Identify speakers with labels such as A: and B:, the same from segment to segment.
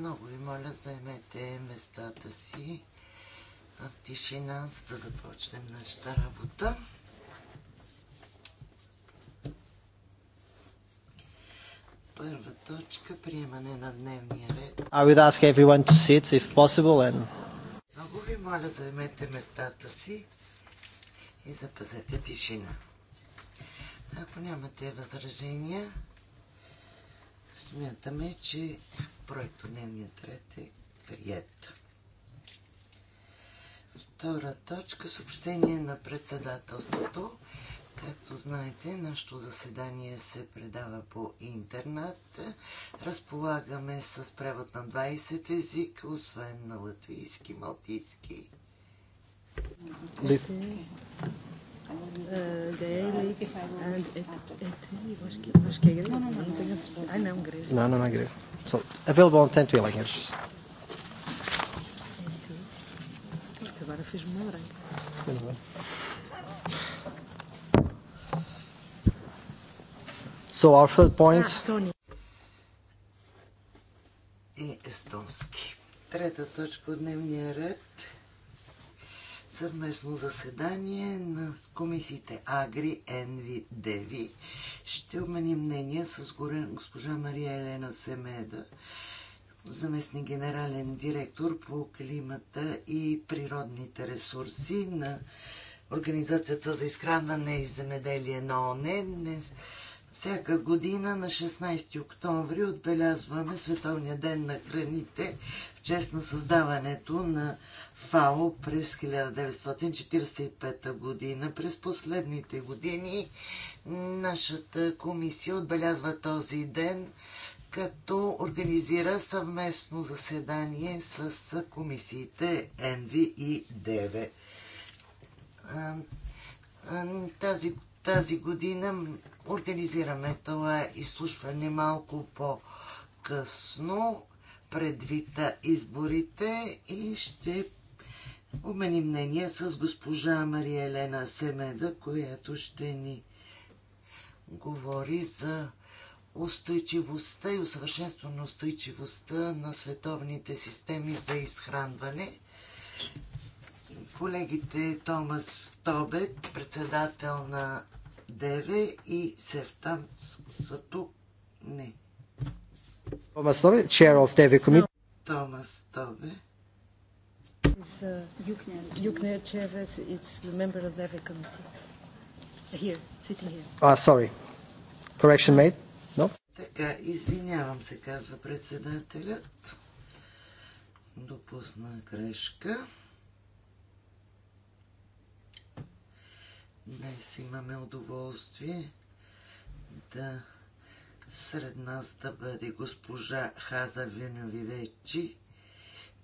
A: Много ви моля, заемете местата си в тишина, за да започнем нашата работа.
B: Първа точка приемане на дневния ред. I would ask everyone to sit if possible and...
A: Много ви моля, заемете местата си и запазете тишина. Ако нямате възражения, смятаме, че проекто дневният ред е прият. Втора точка съобщение на председателството. Както знаете, нашето заседание се предава по интернет. Разполагаме с превод на 20 език, освен на латвийски, малтийски. Литви. Uh,
C: daily and Não,
B: não é grego. So, available on 10 to 11 years. So our third point.
A: И естонски. Трета точка от дневния ред съвместно заседание на комисиите Агри, Енви, Деви. Ще обменим мнение с госпожа Мария Елена Семеда, заместник генерален директор по климата и природните ресурси на Организацията за изхранване и земеделие на ОНЕ. Всяка година на 16 октомври отбелязваме Световния ден на храните в чест на създаването на ФАО през 1945 година. През последните години нашата комисия отбелязва този ден като организира съвместно заседание с комисиите НВ и ДВ. Тази тази година организираме това изслушване малко по-късно, предвид изборите и ще обменим мнение с госпожа Мария Елена Семеда, която ще ни говори за устойчивостта и усъвършенство на устойчивостта на световните системи за изхранване колегите Томас Тобет, председател на Деве и Севтан Сату. Не.
B: Томас Тобе, chair of Деве комитет.
A: Томас Тобе. Юкнер Чевес, uh, it's the member of Деве committee. Here, sitting here.
B: Ah, sorry. Correction made? No?
A: Така, извинявам се, казва председателят. Допусна грешка. Днес имаме удоволствие да сред нас да бъде госпожа Хаза Виновивечи,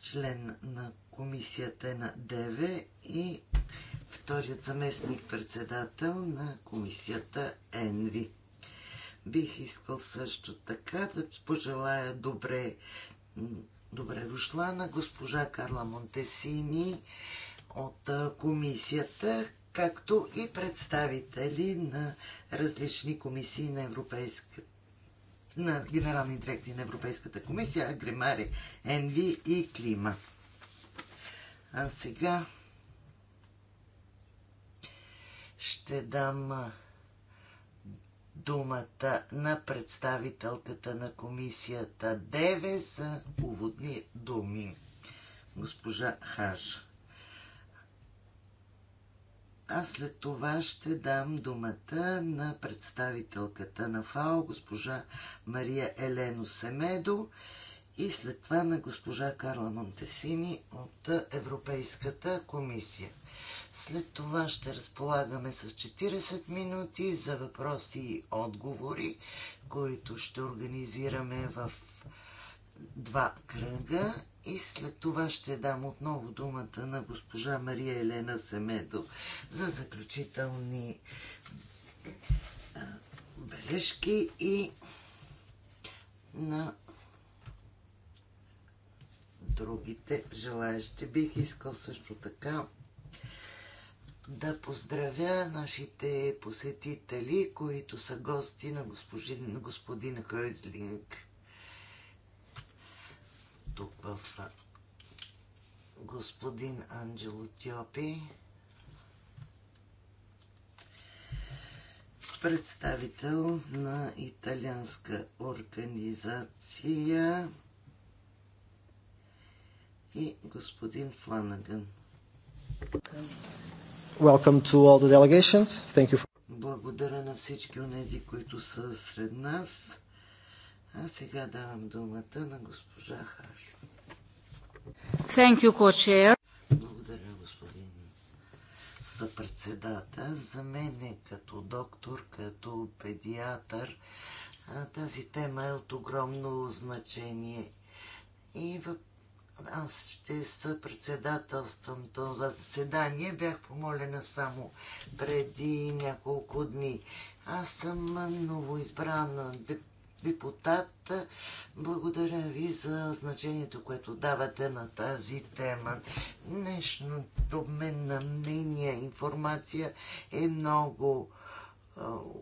A: член на комисията на ДВ и вторият заместник председател на комисията ЕНВИ. Бих искал също така да пожелая добре, добре дошла на госпожа Карла Монтесини от комисията, както и представители на различни комисии на Европейската на генерални дирекции на Европейската комисия, Агримари, Енви и Клима. А сега ще дам думата на представителката на комисията Деве за уводни думи. Госпожа Хажа а след това ще дам думата на представителката на ФАО, госпожа Мария Елено Семедо и след това на госпожа Карла Монтесини от Европейската комисия. След това ще разполагаме с 40 минути за въпроси и отговори, които ще организираме в два кръга и след това ще дам отново думата на госпожа Мария Елена Семедо за заключителни бележки и на другите желаящи. Бих искал също така да поздравя нашите посетители, които са гости на господин, господин Хойзлинг господин Анджело Тиопи, представител на италианска организация и господин Фланаган.
B: Welcome to all the delegations. Thank you for...
A: Благодаря на всички от тези, които са сред нас. А сега давам думата на госпожа Хаш.
C: Thank you, co-chair.
A: Благодаря, господин съпредседател. За мен е като доктор, като педиатър, тази тема е от огромно значение. И в... аз ще съпредседателствам това заседание. Бях помолена само преди няколко дни. Аз съм новоизбрана депутат депутат. Благодаря ви за значението, което давате на тази тема. Днешното обмен на мнения, информация е много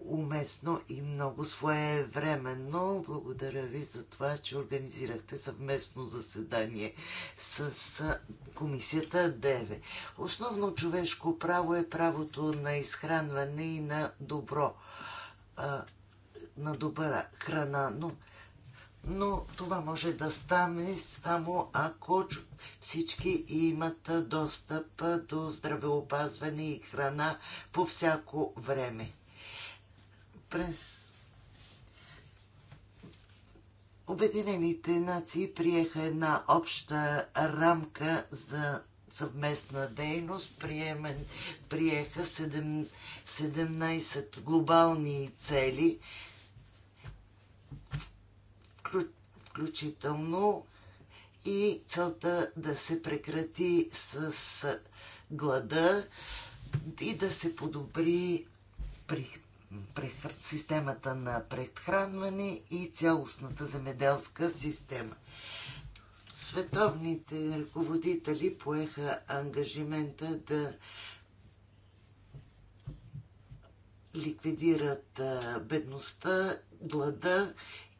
A: уместно и много своевременно. Благодаря ви за това, че организирахте съвместно заседание с комисията ДЕВЕ. Основно човешко право е правото на изхранване и на добро на добра храна, но, но това може да стане само ако всички имат достъп до здравеопазване и храна по всяко време. През Обединените нации приеха една обща рамка за съвместна дейност, приемен, приеха 7, 17 глобални цели, включително и целта да се прекрати с глада и да се подобри при, системата на предхранване и цялостната земеделска система. Световните ръководители поеха ангажимента да ликвидират бедността, глада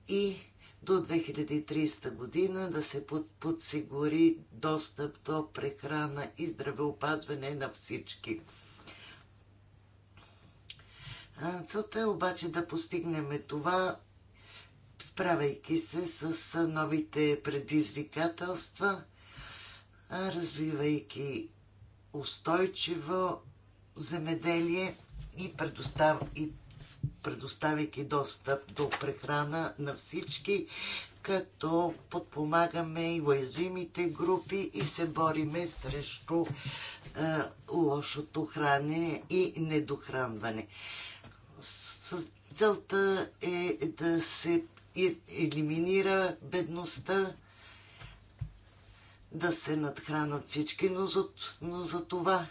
A: и до 2030 година да се подсигури достъп до прехрана и здравеопазване на всички. Целта е обаче да постигнем това, справяйки се с новите предизвикателства, развивайки устойчиво земеделие и, предоставяйки предоставяйки достъп до прехрана на всички, като подпомагаме и уязвимите групи и се бориме срещу е, лошото хранене и недохранване. С, с целта е да се елиминира бедността, да се надхранат всички, но за, но за това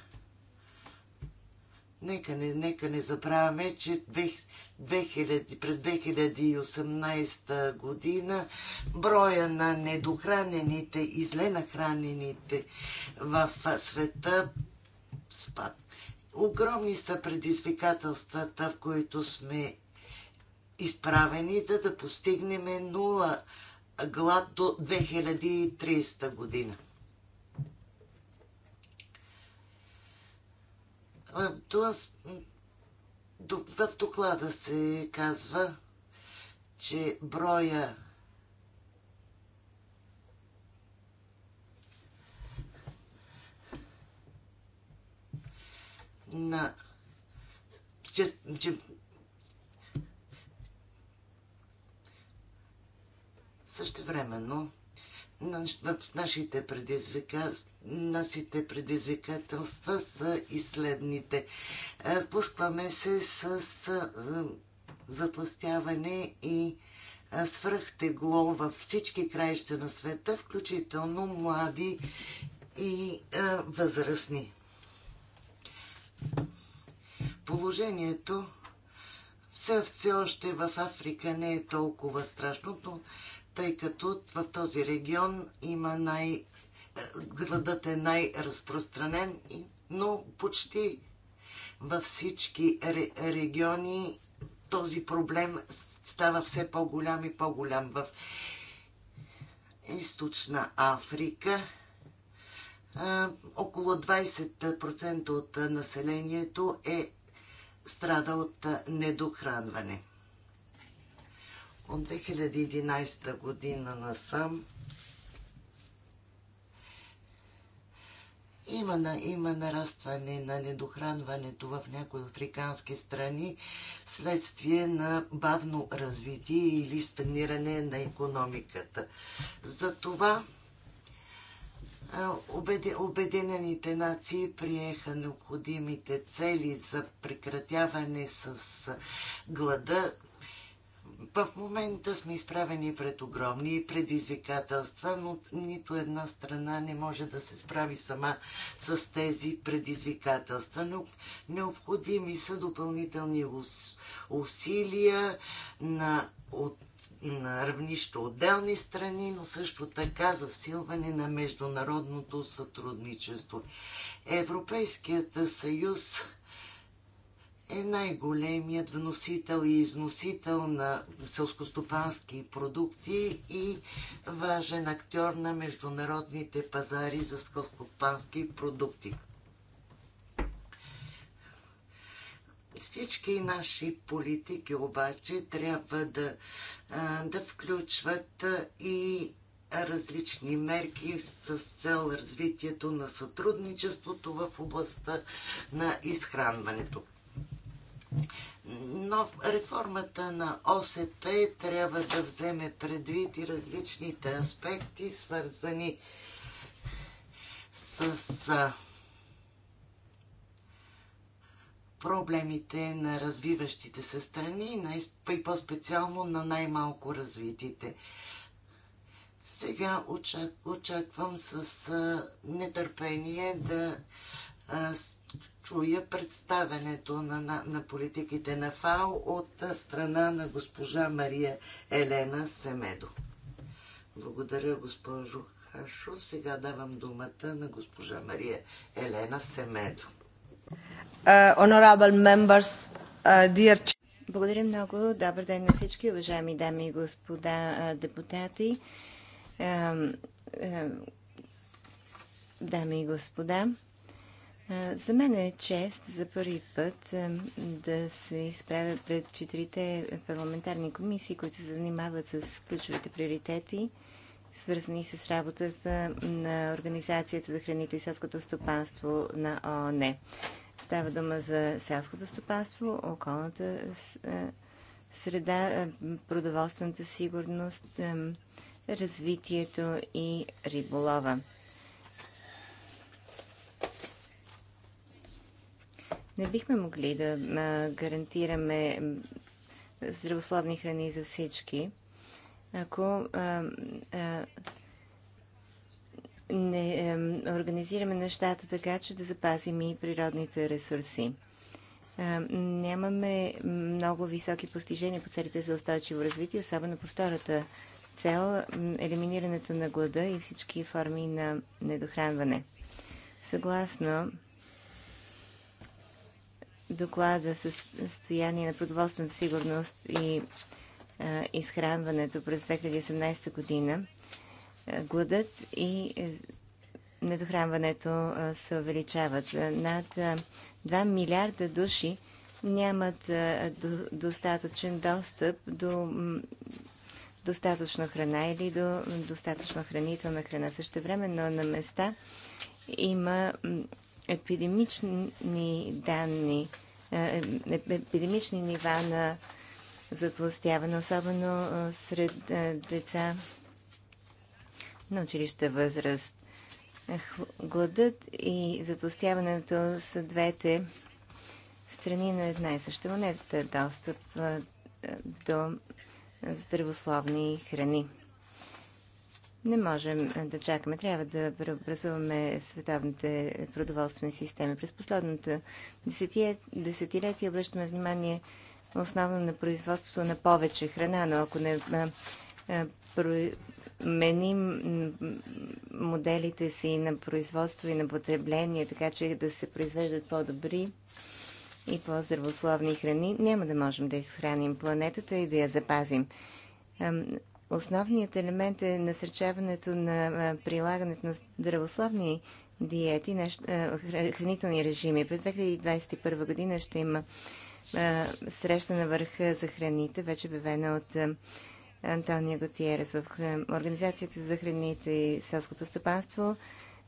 A: Нека не, нека не забравяме, че 2000, през 2018 година броя на недохранените и зле нахранените в света спад. Огромни са предизвикателствата, в които сме изправени, за да постигнем нула глад до 2300 година. В доклада се казва, че броя на че, че същевременно в нашите, предизвика... нашите предизвикателства са и следните. Е, Спускваме се с е, затластяване и е, свръхтегло във всички краища на света, включително млади и възрастни. Положението все, все още в Африка не е толкова страшно, но тъй като в този регион има най... градът е най-разпространен, но почти във всички региони този проблем става все по-голям и по-голям. В източна Африка около 20% от населението е страда от недохранване. От 2011 година насам Има, на, има нарастване на недохранването в някои африкански страни следствие на бавно развитие или стагниране на економиката. Затова Обединените нации приеха необходимите цели за прекратяване с глада, в момента сме изправени пред огромни предизвикателства, но нито една страна не може да се справи сама с тези предизвикателства. Но необходими са допълнителни усилия на, от, на равнище отделни страни, но също така засилване на международното сътрудничество. Европейският съюз е най-големият вносител и износител на селскостопански продукти и важен актьор на международните пазари за селскостопански продукти. Всички наши политики обаче трябва да, да включват и различни мерки с цел развитието на сътрудничеството в областта на изхранването. Но реформата на ОСП трябва да вземе предвид и различните аспекти, свързани с проблемите на развиващите се страни и по-специално на най-малко развитите. Сега очаквам с нетърпение да чуя представенето на, на, на политиките на ФАО от страна на госпожа Мария Елена Семедо. Благодаря, госпожо Хашо. Сега давам думата на госпожа Мария Елена Семедо.
C: Uh, members, dear... Благодаря много. Добър ден на всички, уважаеми дами и господа депутати. дами и господа, за мен е чест за първи път да се изправя пред четирите парламентарни комисии, които се занимават с ключовите приоритети, свързани с работата на Организацията за храните и селското стопанство на ООН. Става дума за селското стопанство, околната среда, продоволствената сигурност, развитието и риболова. не бихме могли да гарантираме здравословни храни за всички, ако не организираме нещата така, че да запазим и природните ресурси. Нямаме много високи постижения по целите за устойчиво развитие, особено по втората цел елиминирането на глада и всички форми на недохранване. Съгласно доклада за състояние на продоволствената сигурност и а, изхранването през 2018 година, гладът и е, недохранването а, се увеличават. Над 2 милиарда души нямат до, достатъчен достъп до достатъчно храна или до достатъчно хранителна храна. Също време, но на места има епидемични данни е, е, е, епидемични нива на затластяване, особено сред деца на училища възраст. Гладът и затластяването са двете страни на една и съща монета достъп до здравословни храни. Не можем да чакаме. Трябва да преобразуваме световните продоволствени системи. През последното десетилетие обръщаме внимание основно на производството на повече храна, но ако не променим моделите си на производство и на потребление, така че да се произвеждат по-добри и по-здравословни храни, няма да можем да изхраним планетата и да я запазим. Основният елемент е насърчаването на прилагането на здравословни диети, хранителни режими. През 2021 година ще има среща на върха за храните, вече бевена от Антония Готиерес в Организацията за храните и селското стопанство.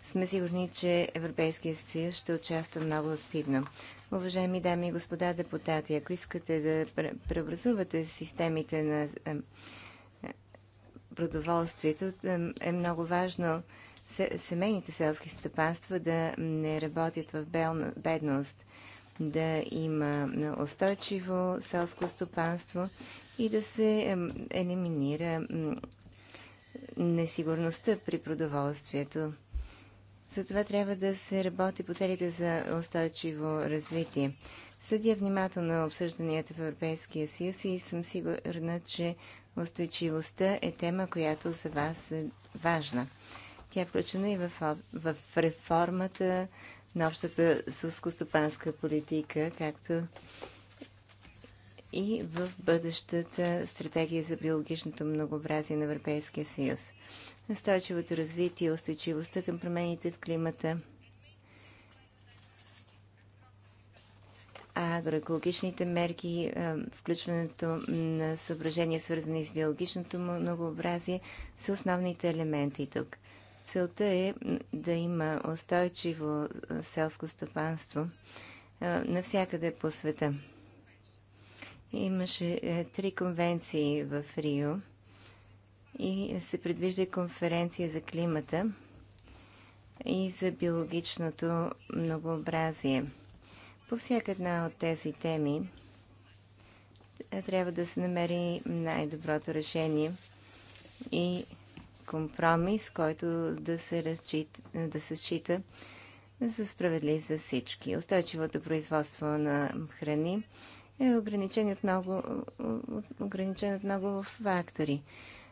C: Сме сигурни, че Европейския съюз ще участва много активно. Уважаеми дами и господа депутати, ако искате да преобразувате системите на продоволствието е много важно семейните селски стопанства да не работят в бедност, да има устойчиво селско стопанство и да се елиминира несигурността при продоволствието. Затова трябва да се работи по целите за устойчиво развитие. Съдя внимателно обсъжданията в Европейския съюз и съм сигурна, че устойчивостта е тема, която за вас е важна. Тя е включена и в, в реформата на общата сълскостопанска политика, както и в бъдещата стратегия за биологичното многообразие на Европейския съюз. Устойчивото развитие, устойчивостта към промените в климата – агроекологичните мерки, включването на съображения, свързани с биологичното многообразие, са основните елементи тук. Целта е да има устойчиво селско стопанство навсякъде по света. Имаше е, три конвенции в Рио и се предвижда конференция за климата и за биологичното многообразие – по всяка една от тези теми е, трябва да се намери най-доброто решение и компромис, който да се, разчита, да се счита за справедлив за всички. Устойчивото производство на храни е ограничен от много, ограничен от много фактори.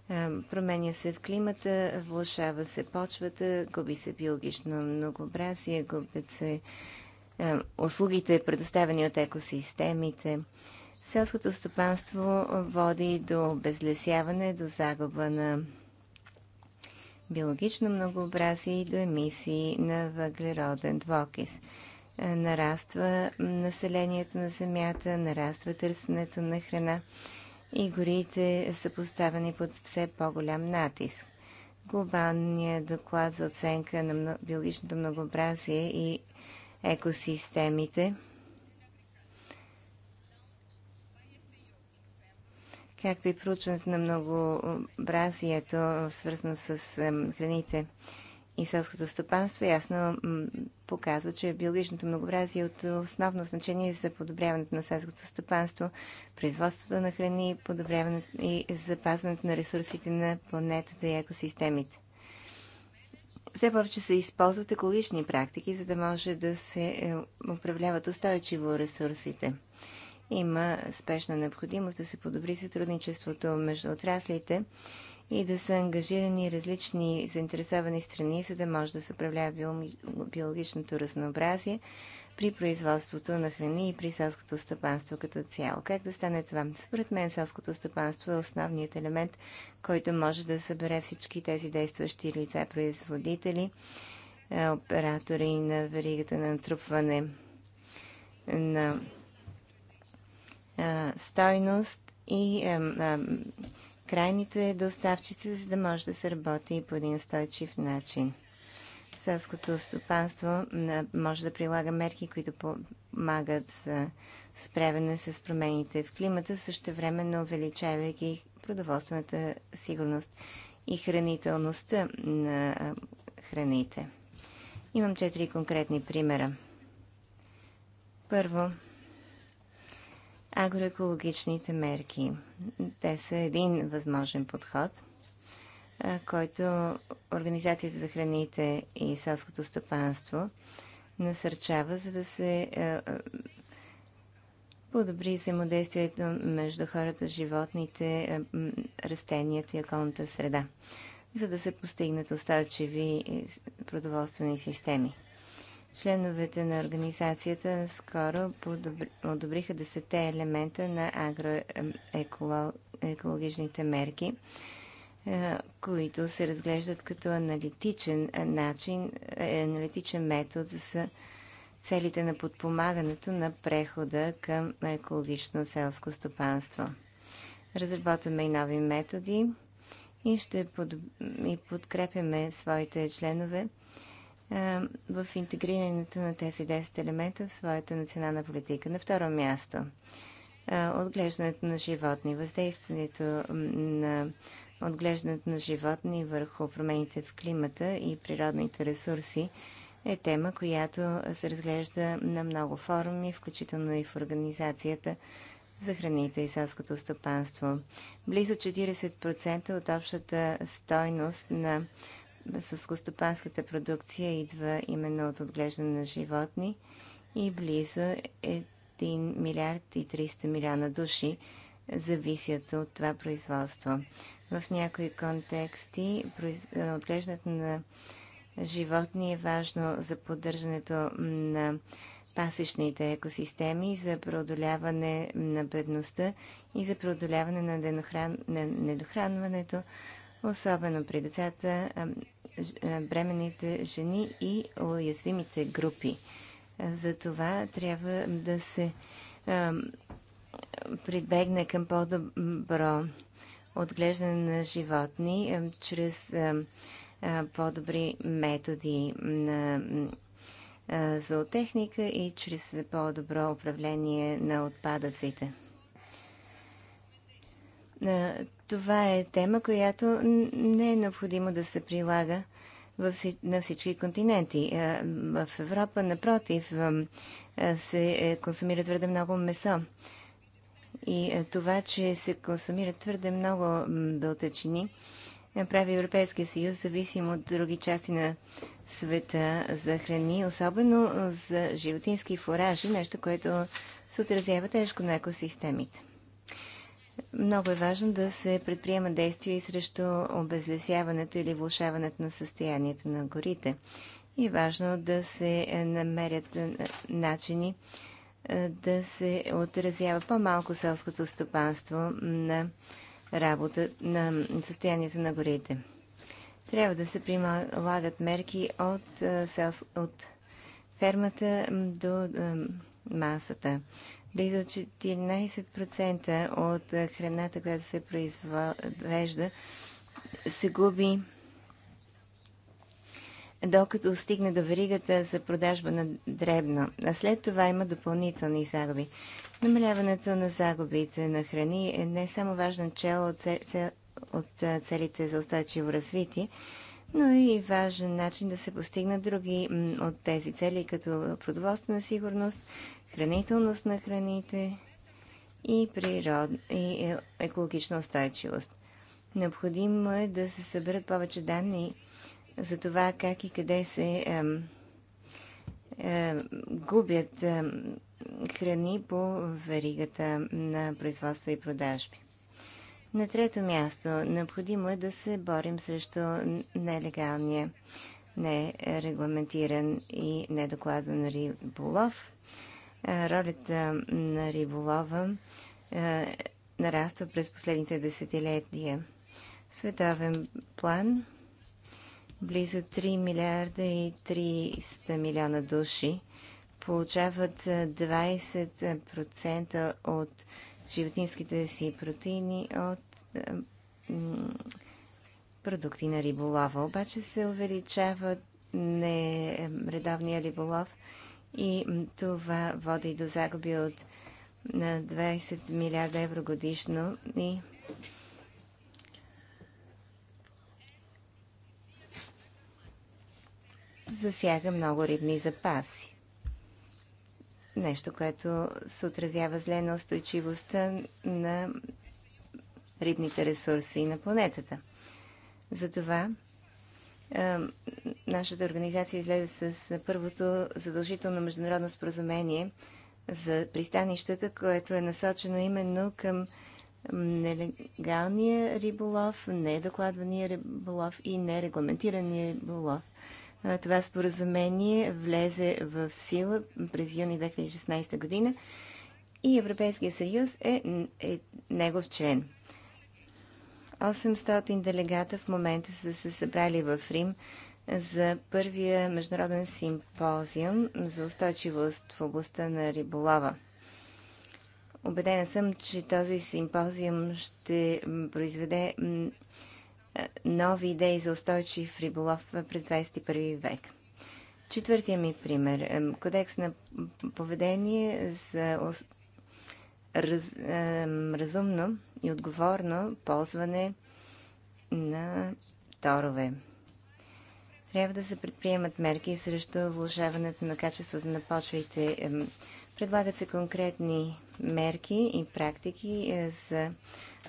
C: Е, променя се в климата, влушава се почвата, губи се биологично многообразие, губят се е, услугите, предоставени от екосистемите. Селското стопанство води до обезлесяване, до загуба на биологично многообразие и до емисии на въглероден двокис. Е, нараства населението на земята, нараства търсенето на храна и горите са поставени под все по-голям натиск. Глобалният доклад за оценка на биологичното многообразие и екосистемите. както и проучването на многообразието, свързано с храните и селското стопанство, ясно показва, че биологичното многообразие е от основно значение за подобряването на селското стопанство, производството на храни подобряването и запазването на ресурсите на планетата и екосистемите все повече се използват екологични практики, за да може да се е, управляват устойчиво ресурсите. Има спешна необходимост да се подобри сътрудничеството между отраслите и да са ангажирани различни заинтересовани страни, за да може да се управлява биологичното разнообразие, при производството на храни и при селското стопанство като цяло. Как да стане това? Според мен селското стопанство е основният елемент, който може да събере всички тези действащи лица, производители, е, оператори на веригата на натрупване на е, стойност и е, крайните доставчици, за да може да се работи по един устойчив начин селското стопанство може да прилага мерки, които помагат за справяне с промените в климата, времено увеличавайки продоволствената сигурност и хранителността на храните. Имам четири конкретни примера. Първо, агроекологичните мерки. Те са един възможен подход – който Организацията за храните и селското стопанство насърчава, за да се подобри взаимодействието между хората, животните, растенията и околната среда, за да се постигнат устойчиви продоволствени системи. Членовете на организацията скоро одобриха десете елемента на агроекологичните мерки, е, които се разглеждат като аналитичен е, начин, е, аналитичен метод за целите на подпомагането на прехода към екологично селско стопанство. Разработваме и нови методи и ще под... и подкрепяме своите членове в интегрирането на тези 10 елемента в своята национална политика. На второ място, отглеждането на животни, въздействието на отглеждането на животни върху промените в климата и природните ресурси е тема, която се разглежда на много форуми, включително и в Организацията за храните и селското стопанство. Близо 40% от общата стойност на съскостопанската продукция идва именно от отглеждане на животни и близо 1 милиард и 300 милиона души зависят от това производство. В някои контексти е, отглеждането на животни е важно за поддържането на пасечните екосистеми, за преодоляване на бедността и за преодоляване на, на недохранването, особено при децата, е, е, бременните жени и уязвимите групи. За това трябва да се прибегне към по-добро отглеждане на животни е, чрез е, е, по-добри методи на зоотехника и чрез по-добро управление на отпадъците. Това е тема, която не е необходимо да се прилага на всички континенти. В Европа, напротив, се консумира твърде много месо. И е, това, че се консумират твърде много бълтачини, е, прави Европейския съюз зависим от други части на света за храни, особено за животински фуражи, нещо, което се отразява тежко на екосистемите. Много е важно да се предприема действия и срещу обезлесяването или влушаването на състоянието на горите. И е важно да се е, намерят начини е, да се отразява по-малко селското стопанство на работа, на състоянието на горите. Трябва да се прилагат мерки от, е, от фермата до е, масата. Близо 14% от храната, която се произвежда, се губи докато стигне до веригата за продажба на дребно. А след това има допълнителни загуби. Намаляването на загубите на храни е не само важен чел от, цел, от целите за устойчиво развитие, но и важен начин да се постигнат други от тези цели, като продоволствена сигурност, хранителност на храните и, природ, и е, екологична устойчивост. Необходимо е да се съберат повече данни за това как и къде се е, е, губят е, храни по веригата на производство и продажби. На трето място, необходимо е да се борим срещу нелегалния, нерегламентиран и недокладен риболов. Ролята на риболова нараства през последните десетилетия. Световен план близо 3 милиарда и 300 милиона души получават 20% от животинските си протеини от продукти на риболова. Обаче се увеличава нередавния риболов и това води до загуби от 20 милиарда евро годишно и засяга много рибни запаси. Нещо, което се отразява зле на устойчивостта на рибните ресурси на планетата. Затова е, нашата организация излезе с първото задължително международно споразумение за пристанищата, което е насочено именно към нелегалния риболов, недокладвания риболов и нерегламентирания риболов това споразумение влезе в сила през юни 2016 година и Европейския съюз е, е негов член. 800 делегата в момента са се събрали в Рим за първия международен симпозиум за устойчивост в областта на риболова. Обедена съм, че този симпозиум ще произведе нови идеи за устойчив риболов през 21 век. Четвъртия ми пример. Кодекс на поведение за раз, разумно и отговорно ползване на торове. Трябва да се предприемат мерки срещу влушаването на качеството на почвите. Предлагат се конкретни мерки и практики е, за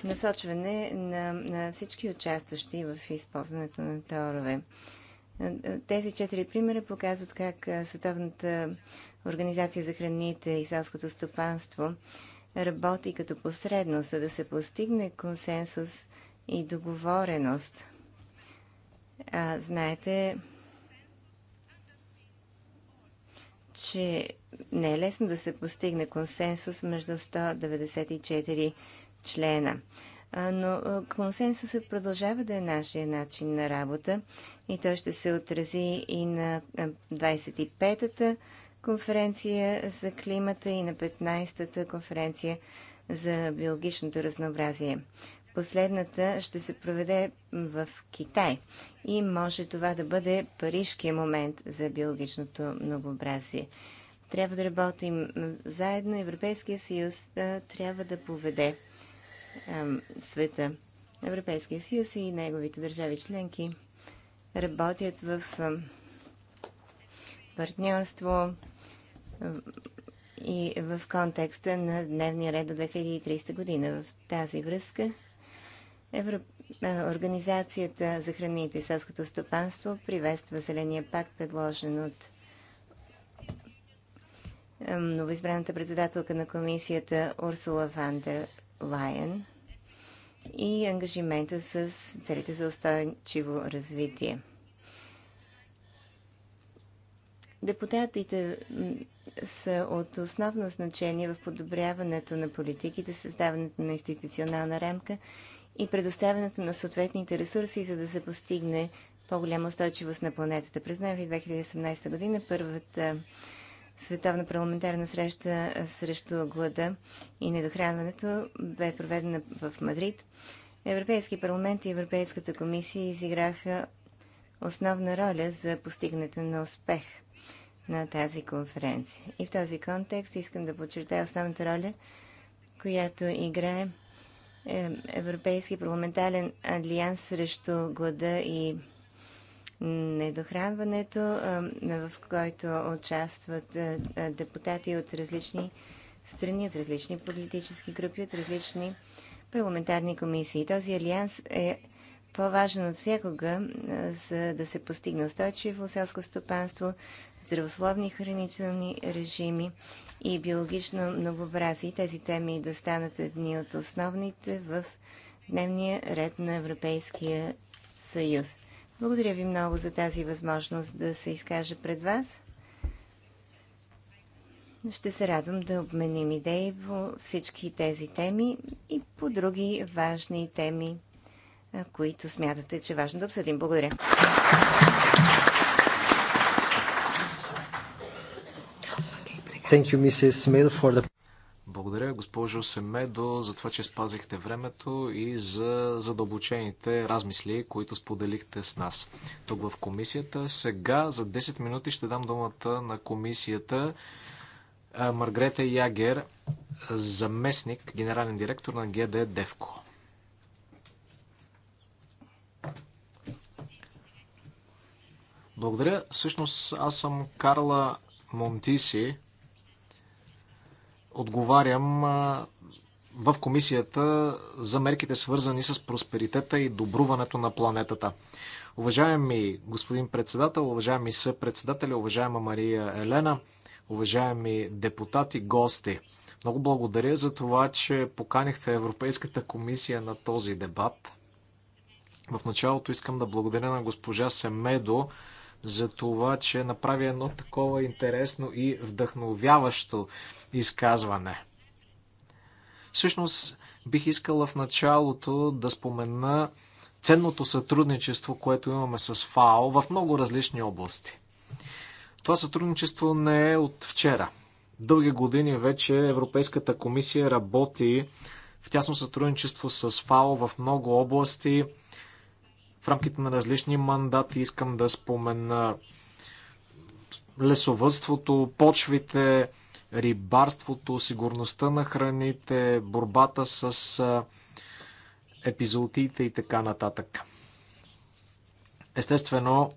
C: насочване на, на всички участващи в използването на торове. Е, е, тези четири примера показват как Световната организация за храните и селското стопанство работи като посредно, за да се постигне консенсус и договореност. А, знаете, че не е лесно да се постигне консенсус между 194 члена. Но консенсусът продължава да е нашия начин на работа и той ще се отрази и на 25-та конференция за климата и на 15-та конференция за биологичното разнообразие. Последната ще се проведе в Китай и може това да бъде парижкия момент за биологичното многообразие. Трябва да работим заедно. Европейския съюз да, трябва да поведе света. Европейския съюз и неговите държави членки работят в партньорство и в контекста на дневния ред до 2030 година. В тази връзка Евро... Организацията за храните и селското стопанство приветства Зеления пакт, предложен от новоизбраната председателка на комисията Урсула Вандер Лайен и ангажимента с целите за устойчиво развитие. Депутатите са от основно значение в подобряването на политиките, създаването на институционална рамка и предоставянето на съответните ресурси, за да се постигне по-голяма устойчивост на планетата. През ноември 2018 година първата световна парламентарна среща срещу глада и недохранването бе проведена в Мадрид. Европейски парламент и Европейската комисия изиграха основна роля за постигането на успех на тази конференция. И в този контекст искам да подчертая основната роля, която играе е, Европейски парламентален алианс срещу глада и недохранването, е, в който участват е, депутати от различни страни, от различни политически групи, от различни парламентарни комисии. Този алианс е по-важен от всякога, за да се постигне устойчиво селско стопанство, здравословни хранителни режими и биологично многообразие. Тези теми да станат едни от основните в дневния ред на Европейския съюз. Благодаря ви много за тази възможност да се изкажа пред вас. Ще се радвам да обменим идеи по всички тези теми и по други важни теми, които смятате, че е важно да обсъдим. Благодаря.
B: Thank you, Mrs. Semedo, for the...
D: Благодаря, госпожо Семедо, за това, че спазихте времето и за задълбочените размисли, които споделихте с нас тук в комисията. Сега за 10 минути ще дам думата на комисията Маргрета Ягер, заместник, генерален директор на ГД Девко. Благодаря. Всъщност аз съм Карла Монтиси, отговарям в комисията за мерките свързани с просперитета и добруването на планетата. Уважаеми господин председател, уважаеми съпредседатели, уважаема Мария Елена, уважаеми депутати, гости. Много благодаря за това, че поканихте Европейската комисия на този дебат. В началото искам да благодаря на госпожа Семедо за това, че направи едно такова интересно и вдъхновяващо изказване. Всъщност, бих искала в началото да спомена ценното сътрудничество, което имаме с ФАО в много различни области. Това сътрудничество не е от вчера. Дълги години вече Европейската комисия работи в тясно сътрудничество с ФАО в много области. В рамките на различни мандати искам да спомена лесовътството, почвите, рибарството, сигурността на храните, борбата с епизодиите и така нататък. Естествено,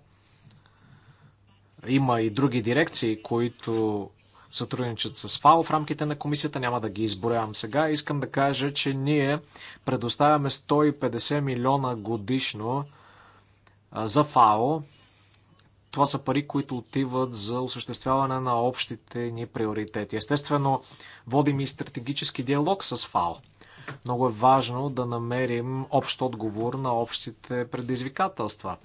D: има и други дирекции, които сътрудничат с ФАО в рамките на комисията. Няма да ги изброявам сега. Искам да кажа, че ние предоставяме 150 милиона годишно за ФАО това са пари, които отиват за осъществяване на общите ни приоритети. Естествено, водим и стратегически диалог с ФАО. Много е важно да намерим общ отговор на общите предизвикателства.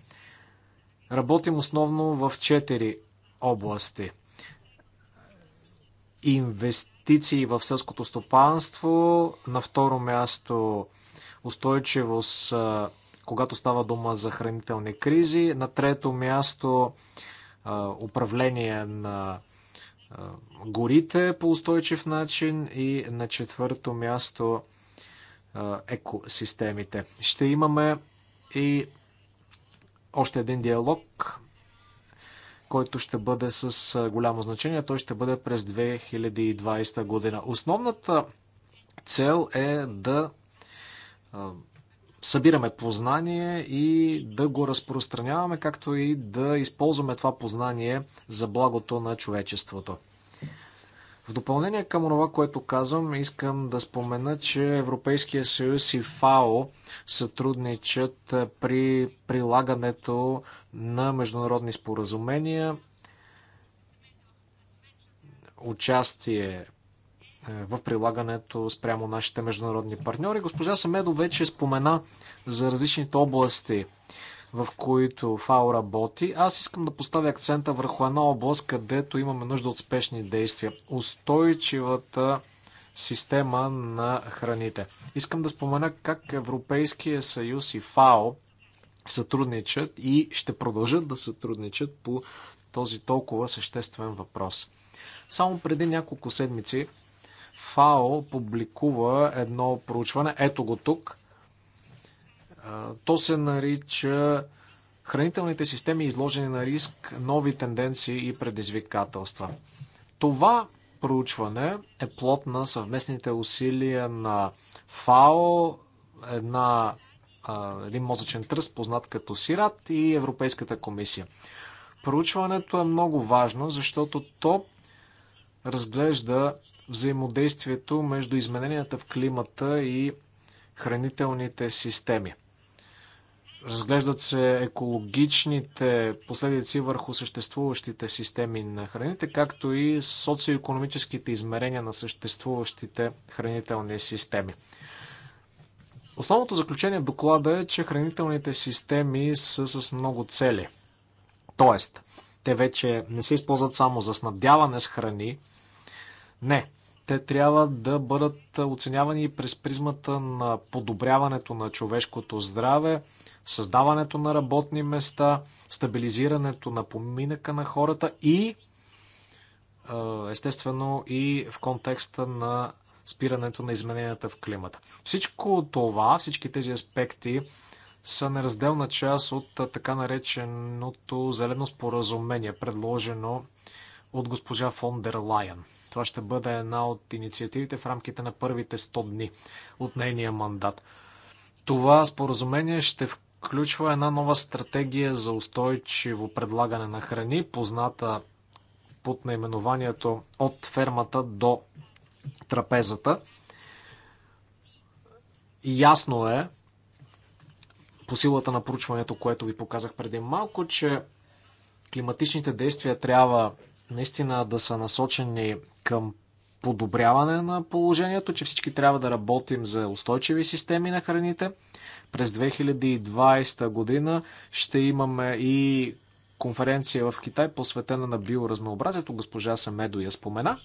D: Работим основно в четири области. Инвестиции в селското стопанство, на второ място устойчивост когато става дума за хранителни кризи. На трето място управление на горите по устойчив начин и на четвърто място екосистемите. Ще имаме и още един диалог, който ще бъде с голямо значение. Той ще бъде през 2020 година. Основната цел е да събираме познание и да го разпространяваме, както и да използваме това познание за благото на човечеството. В допълнение към това, което казвам, искам да спомена, че Европейския съюз и ФАО сътрудничат при прилагането на международни споразумения, участие е, в прилагането спрямо нашите международни партньори. Госпожа Самедо вече спомена за различните области, в които ФАО работи. Аз искам да поставя акцента върху една област, където имаме нужда от спешни действия. Устойчивата система на храните. Искам да спомена как Европейския съюз и ФАО сътрудничат и ще продължат да сътрудничат по този толкова съществен въпрос. Само преди няколко седмици ФАО публикува едно проучване, ето го тук. То се нарича Хранителните системи изложени на риск, нови тенденции и предизвикателства. Това проучване е плод на съвместните усилия на ФАО, една, един мозъчен тръст, познат като СИРАТ и Европейската комисия. Проучването е много важно, защото то разглежда взаимодействието между измененията в климата и хранителните системи. Разглеждат се екологичните последици върху съществуващите системи на храните, както и социоекономическите измерения на съществуващите хранителни системи. Основното заключение в доклада е, че хранителните системи са с много цели. Тоест, те вече не се използват само за снабдяване с храни. Не, те трябва да бъдат оценявани през призмата на подобряването на човешкото здраве, създаването на работни места, стабилизирането на поминъка на хората и естествено и в контекста на спирането на измененията в климата. Всичко това, всички тези аспекти са неразделна част от така нареченото зелено споразумение, предложено от госпожа фон дер Лайен. Това ще бъде една от инициативите в рамките на първите 100 дни от нейния мандат. Това споразумение ще включва една нова стратегия за устойчиво предлагане на храни, позната под наименованието от фермата до трапезата. Ясно е, по силата на проучването, което ви показах преди малко, че климатичните действия трябва наистина да са насочени към подобряване на положението, че всички трябва да работим за устойчиви системи на храните. През 2020 година ще имаме и конференция в Китай, посветена на биоразнообразието. Госпожа Самедо я спомена.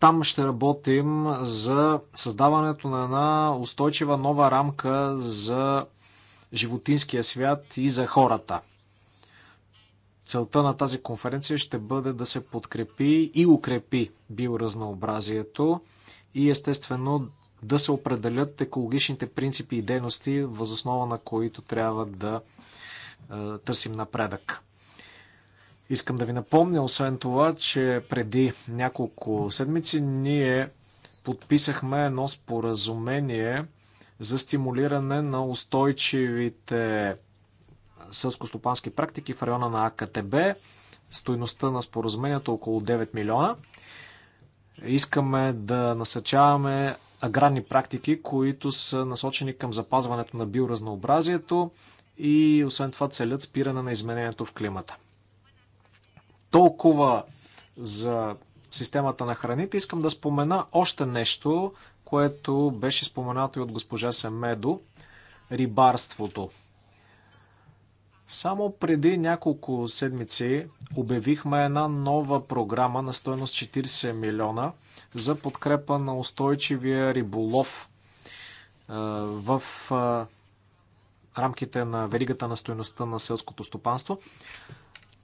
D: Там ще работим за създаването на една устойчива нова рамка за животинския свят и за хората. Целта на тази конференция ще бъде да се подкрепи и укрепи биоразнообразието и естествено да се определят екологичните принципи и дейности, възоснова на които трябва да е, търсим напредък. Искам да ви напомня, освен това, че преди няколко седмици ние подписахме едно споразумение за стимулиране на устойчивите сълскостопански практики в района на АКТБ. Стойността на споразумението е около 9 милиона. Искаме да насъчаваме аграрни практики, които са насочени към запазването на биоразнообразието и освен това целят спиране на изменението в климата. Толкова за системата на храните. Искам да спомена още нещо, което беше споменато и от госпожа Семедо рибарството. Само преди няколко седмици обявихме една нова програма на стоеност 40 милиона за подкрепа на устойчивия риболов в рамките на веригата на стоеността на селското стопанство.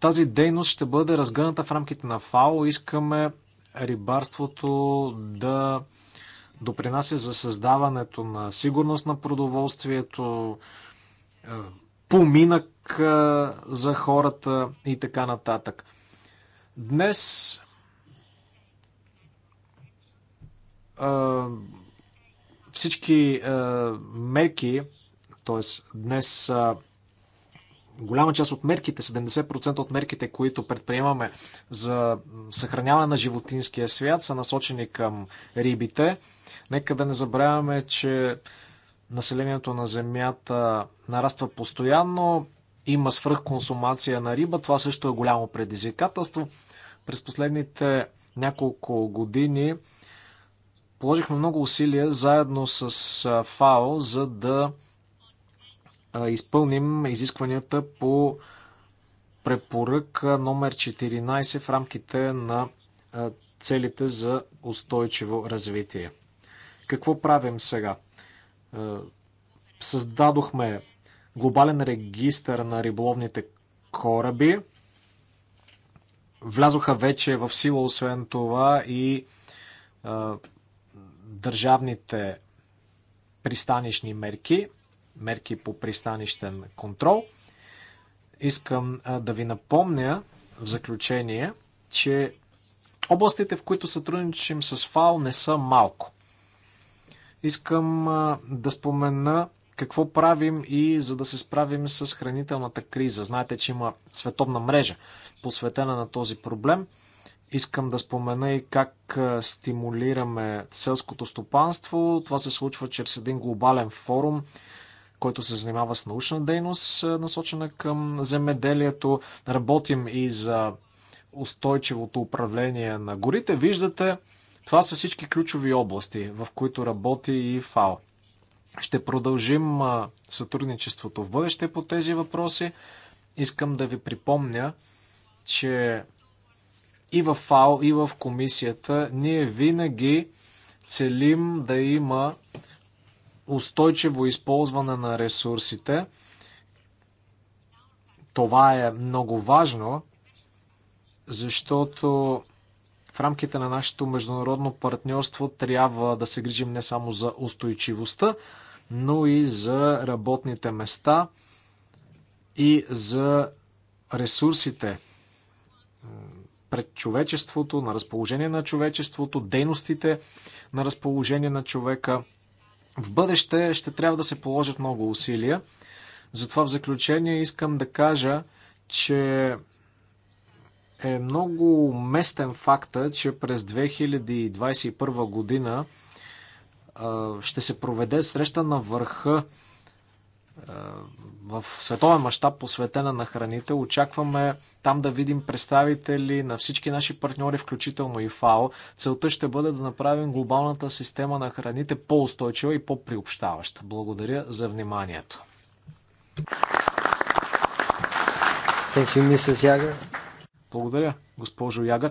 D: Тази дейност ще бъде разгъната в рамките на ФАО. Искаме рибарството да допринася за създаването на сигурност на продоволствието, поминък за хората и така нататък. Днес всички мерки, т.е. днес голяма част от мерките, 70% от мерките, които предприемаме за съхраняване на животинския свят, са насочени към рибите. Нека да не забравяме, че населението на Земята нараства постоянно, има свръхконсумация на риба, това също е голямо предизвикателство. През последните няколко години положихме много усилия заедно с ФАО, за да изпълним изискванията по препоръка номер 14 в рамките на целите за устойчиво развитие. Какво правим сега? Е, създадохме глобален регистър на риболовните кораби. Влязоха вече в сила, освен това, и е, държавните пристанищни мерки, мерки по пристанищен контрол. Искам е, да ви напомня в заключение, че областите, в които сътрудничим с ФАО, не са малко. Искам да спомена какво правим и за да се справим с хранителната криза. Знаете, че има световна мрежа, посветена на този проблем. Искам да спомена и как стимулираме селското стопанство. Това се случва чрез един глобален форум, който се занимава с научна дейност, насочена към земеделието. Работим и за устойчивото управление на горите. Виждате, това са всички ключови области, в които работи и ФАО. Ще продължим сътрудничеството в бъдеще по тези въпроси. Искам да ви припомня, че и в ФАО, и в комисията ние винаги целим да има устойчиво използване на ресурсите. Това е много важно, защото в рамките на нашето международно партньорство трябва да се грижим не само за устойчивостта, но и за работните места и за ресурсите пред човечеството, на разположение на човечеството, дейностите на разположение на човека. В бъдеще ще трябва да се положат много усилия. Затова в заключение искам да кажа, че е много местен факта, че през 2021 година ще се проведе среща на върха в световен мащаб, посветена на храните. Очакваме там да видим представители на всички наши партньори, включително и ФАО. Целта ще бъде да направим глобалната система на храните по-устойчива и по-приобщаваща. Благодаря за вниманието.
B: Thank you, Mrs.
D: Благодаря, госпожо Яга.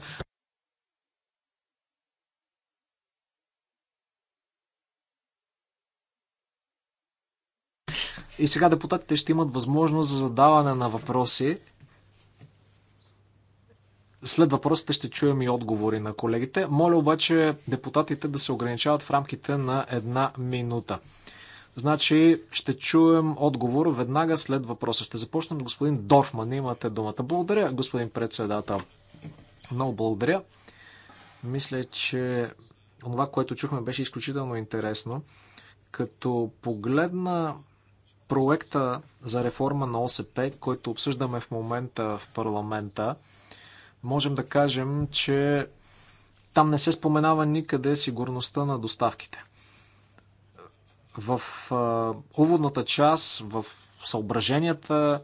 D: И сега депутатите ще имат възможност за задаване на въпроси. След въпросите ще чуем и отговори на колегите. Моля обаче депутатите да се ограничават в рамките на една минута. Значи ще чуем отговор веднага след въпроса. Ще започнем с господин Дорфман. Имате думата. Благодаря, господин председател. Много благодаря. Мисля, че това, което чухме, беше изключително интересно. Като погледна проекта за реформа на ОСП, който обсъждаме в момента в парламента, можем да кажем, че там не се споменава никъде сигурността на доставките. В уводната част, в съображенията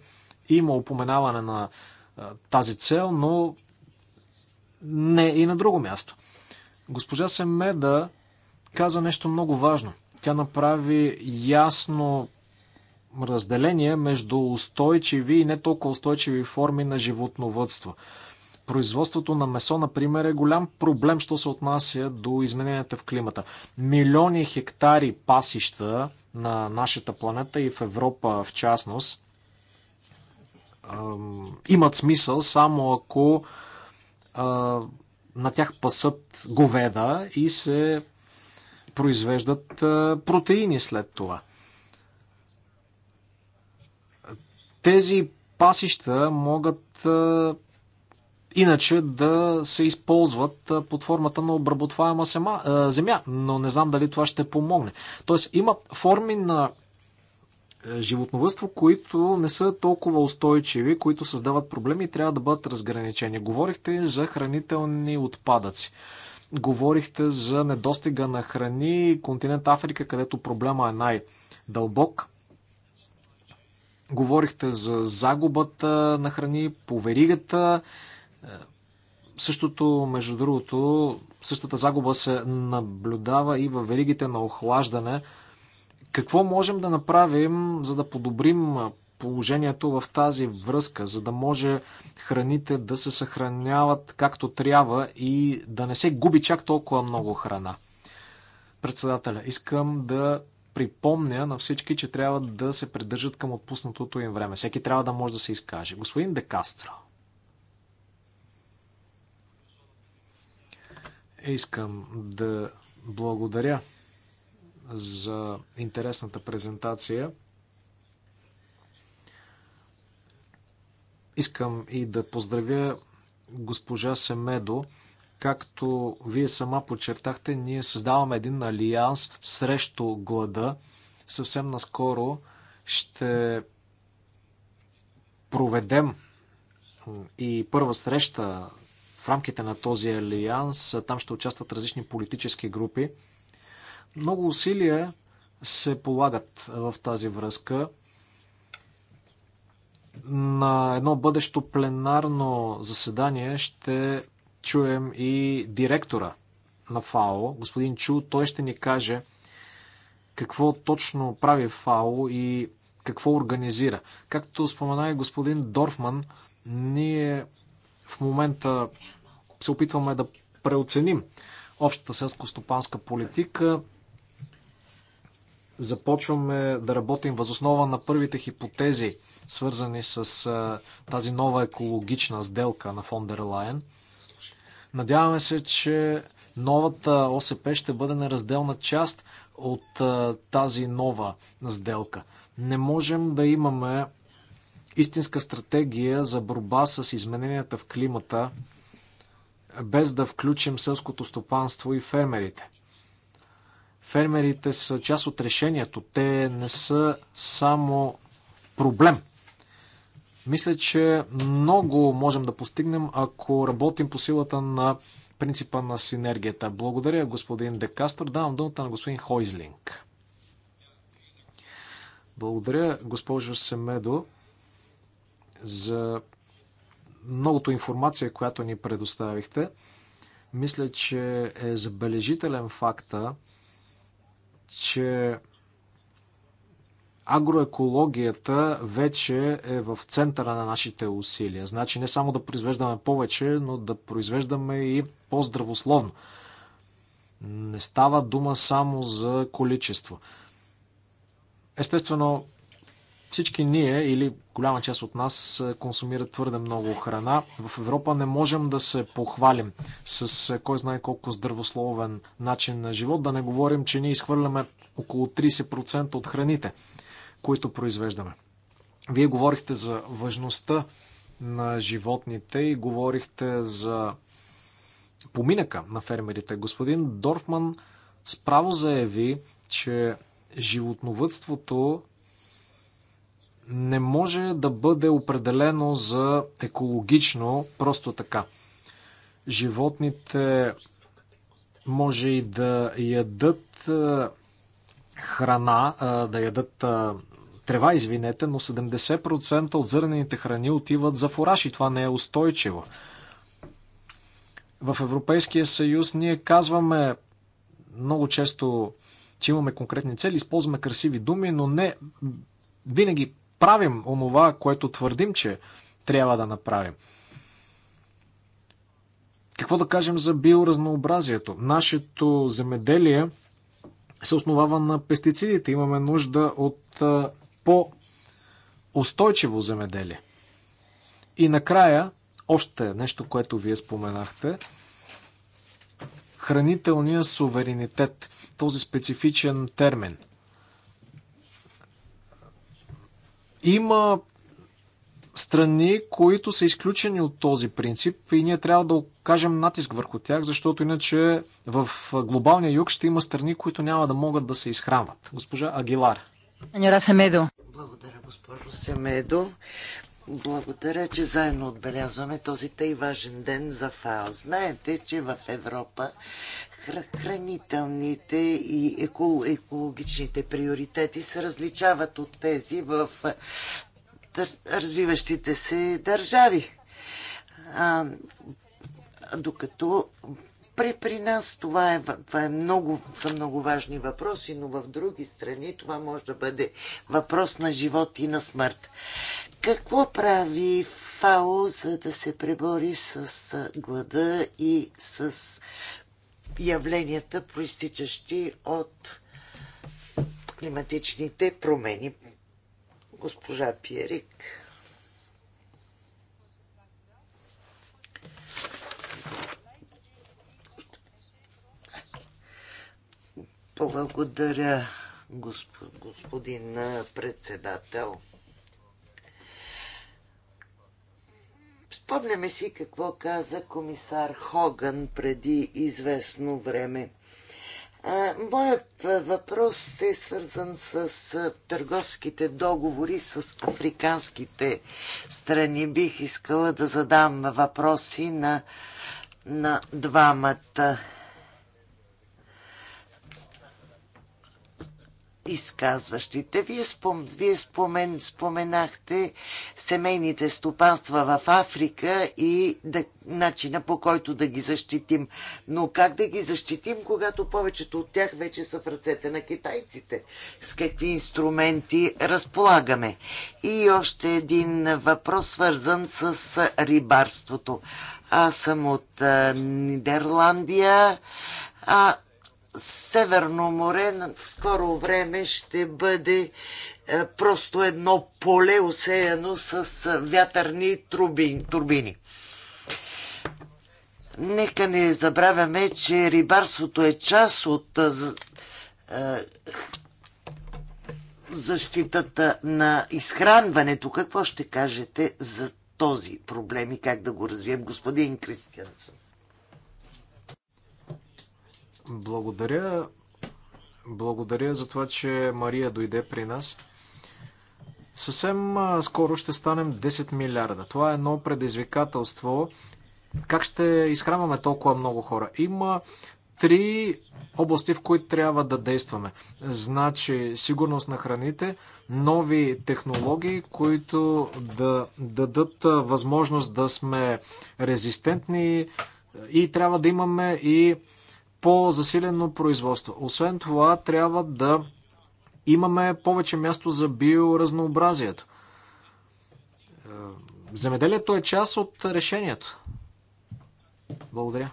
D: има упоменаване на тази цел, но не и на друго място. Госпожа Семеда каза нещо много важно. Тя направи ясно разделение между устойчиви и не толкова устойчиви форми на животновътство производството на месо, например, е голям проблем, що се отнася до измененията в климата. Милиони хектари пасища на нашата планета и в Европа в частност имат смисъл само ако на тях пасат говеда и се произвеждат протеини след това. Тези пасища могат иначе да се използват под формата на обработваема земя, но не знам дали това ще помогне. Тоест има форми на животновътство, които не са толкова устойчиви, които създават проблеми и трябва да бъдат разграничени. Говорихте и за хранителни отпадъци. Говорихте за недостига на храни, континент Африка, където проблема е най-дълбок. Говорихте за загубата на храни по веригата. Същото, между другото, същата загуба се наблюдава и във веригите на охлаждане. Какво можем да направим, за да подобрим положението в тази връзка, за да може храните да се съхраняват както трябва и да не се губи чак толкова много храна? Председателя, искам да припомня на всички, че трябва да се придържат към отпуснатото им време. Всеки трябва да може да се изкаже. Господин Декастро. Искам да благодаря за интересната презентация. Искам и да поздравя госпожа Семедо. Както вие сама подчертахте, ние създаваме един алианс срещу глада. Съвсем наскоро ще проведем и първа среща в рамките на този алианс. Там ще участват различни политически групи. Много усилия се полагат в тази връзка. На едно бъдещо пленарно заседание ще чуем и директора на ФАО, господин Чу. Той ще ни каже какво точно прави ФАО и какво организира. Както спомена и господин Дорфман, ние в момента се опитваме да преоценим общата селско-стопанска политика. Започваме да работим възоснова на първите хипотези, свързани с тази нова екологична сделка на Фондер Лайен. Надяваме се, че новата ОСП ще бъде неразделна част от тази нова сделка. Не можем да имаме истинска стратегия за борба с измененията в климата без да включим сълското стопанство и фермерите. Фермерите са част от решението. Те не са само проблем. Мисля, че много можем да постигнем, ако работим по силата на принципа на синергията. Благодаря, господин Декастор. Давам думата на господин Хойзлинг. Благодаря, госпожо Семедо, за многото информация, която ни предоставихте. Мисля, че е забележителен факта, че агроекологията вече е в центъра на нашите усилия. Значи не само да произвеждаме повече, но да произвеждаме и по-здравословно. Не става дума само за количество. Естествено, всички ние или голяма част от нас е, консумират твърде много храна. В Европа не можем да се похвалим с е, кой знае колко здравословен начин на живот. Да не говорим, че ние изхвърляме около 30% от храните, които произвеждаме. Вие говорихте за важността на животните и говорихте за поминъка на фермерите. Господин Дорфман справо заяви, че животновътството не може да бъде определено за екологично просто така. Животните може и да ядат храна, да ядат трева, извинете, но 70% от зърнените храни отиват за фураж и това не е устойчиво. В Европейския съюз ние казваме много често, че имаме конкретни цели, използваме красиви думи, но не винаги правим онова, което твърдим, че трябва да направим. Какво да кажем за биоразнообразието? Нашето земеделие се основава на пестицидите. Имаме нужда от по-устойчиво земеделие. И накрая, още нещо, което вие споменахте хранителния суверенитет, този специфичен термин – Има страни, които са изключени от този принцип и ние трябва да окажем натиск върху тях, защото иначе в глобалния юг ще има страни, които няма да могат да се изхранват. Госпожа Агилар.
A: Благодаря, госпожо
D: Семедо. Благодаря, че заедно отбелязваме този
A: тъй важен ден за ФАО. Знаете, че в Европа хранителните и екологичните приоритети се различават от тези в развиващите се държави. А, докато при, при нас това, е, това е много, са много важни въпроси, но в други страни това може да бъде въпрос на живот и на смърт. Какво прави ФАО, за да се пребори с глада и с явленията, проистичащи от климатичните промени? Госпожа Пиерик. Благодаря, господин председател. Спомняме си какво каза комисар Хоган преди известно време. Моят въпрос е свързан с търговските договори с африканските страни. Бих искала да задам въпроси на, на двамата изказващите. Вие, спом, вие спомен, споменахте семейните стопанства в Африка и да, начина по който да ги защитим. Но как да ги защитим, когато повечето от тях вече са в ръцете на китайците? С какви инструменти разполагаме? И още един въпрос, свързан с рибарството. Аз съм от Нидерландия. А, Северно море в скоро време ще бъде е, просто едно поле, осеяно с е, вятърни турбини. Нека не забравяме, че рибарството е част от е, защитата на изхранването. Какво ще кажете за този проблем и как да го развием,
D: господин Кристиансън? Благодаря. Благодаря за това, че Мария дойде при нас. Съвсем скоро ще станем 10 милиарда. Това е едно предизвикателство. Как ще изхранваме толкова много хора? Има три области, в които трябва да действаме. Значи сигурност на храните, нови технологии, които да дадат възможност да сме резистентни и трябва да имаме и по-засилено производство. Освен това, трябва да имаме повече място за биоразнообразието. Е, земеделието е част от решението. Благодаря.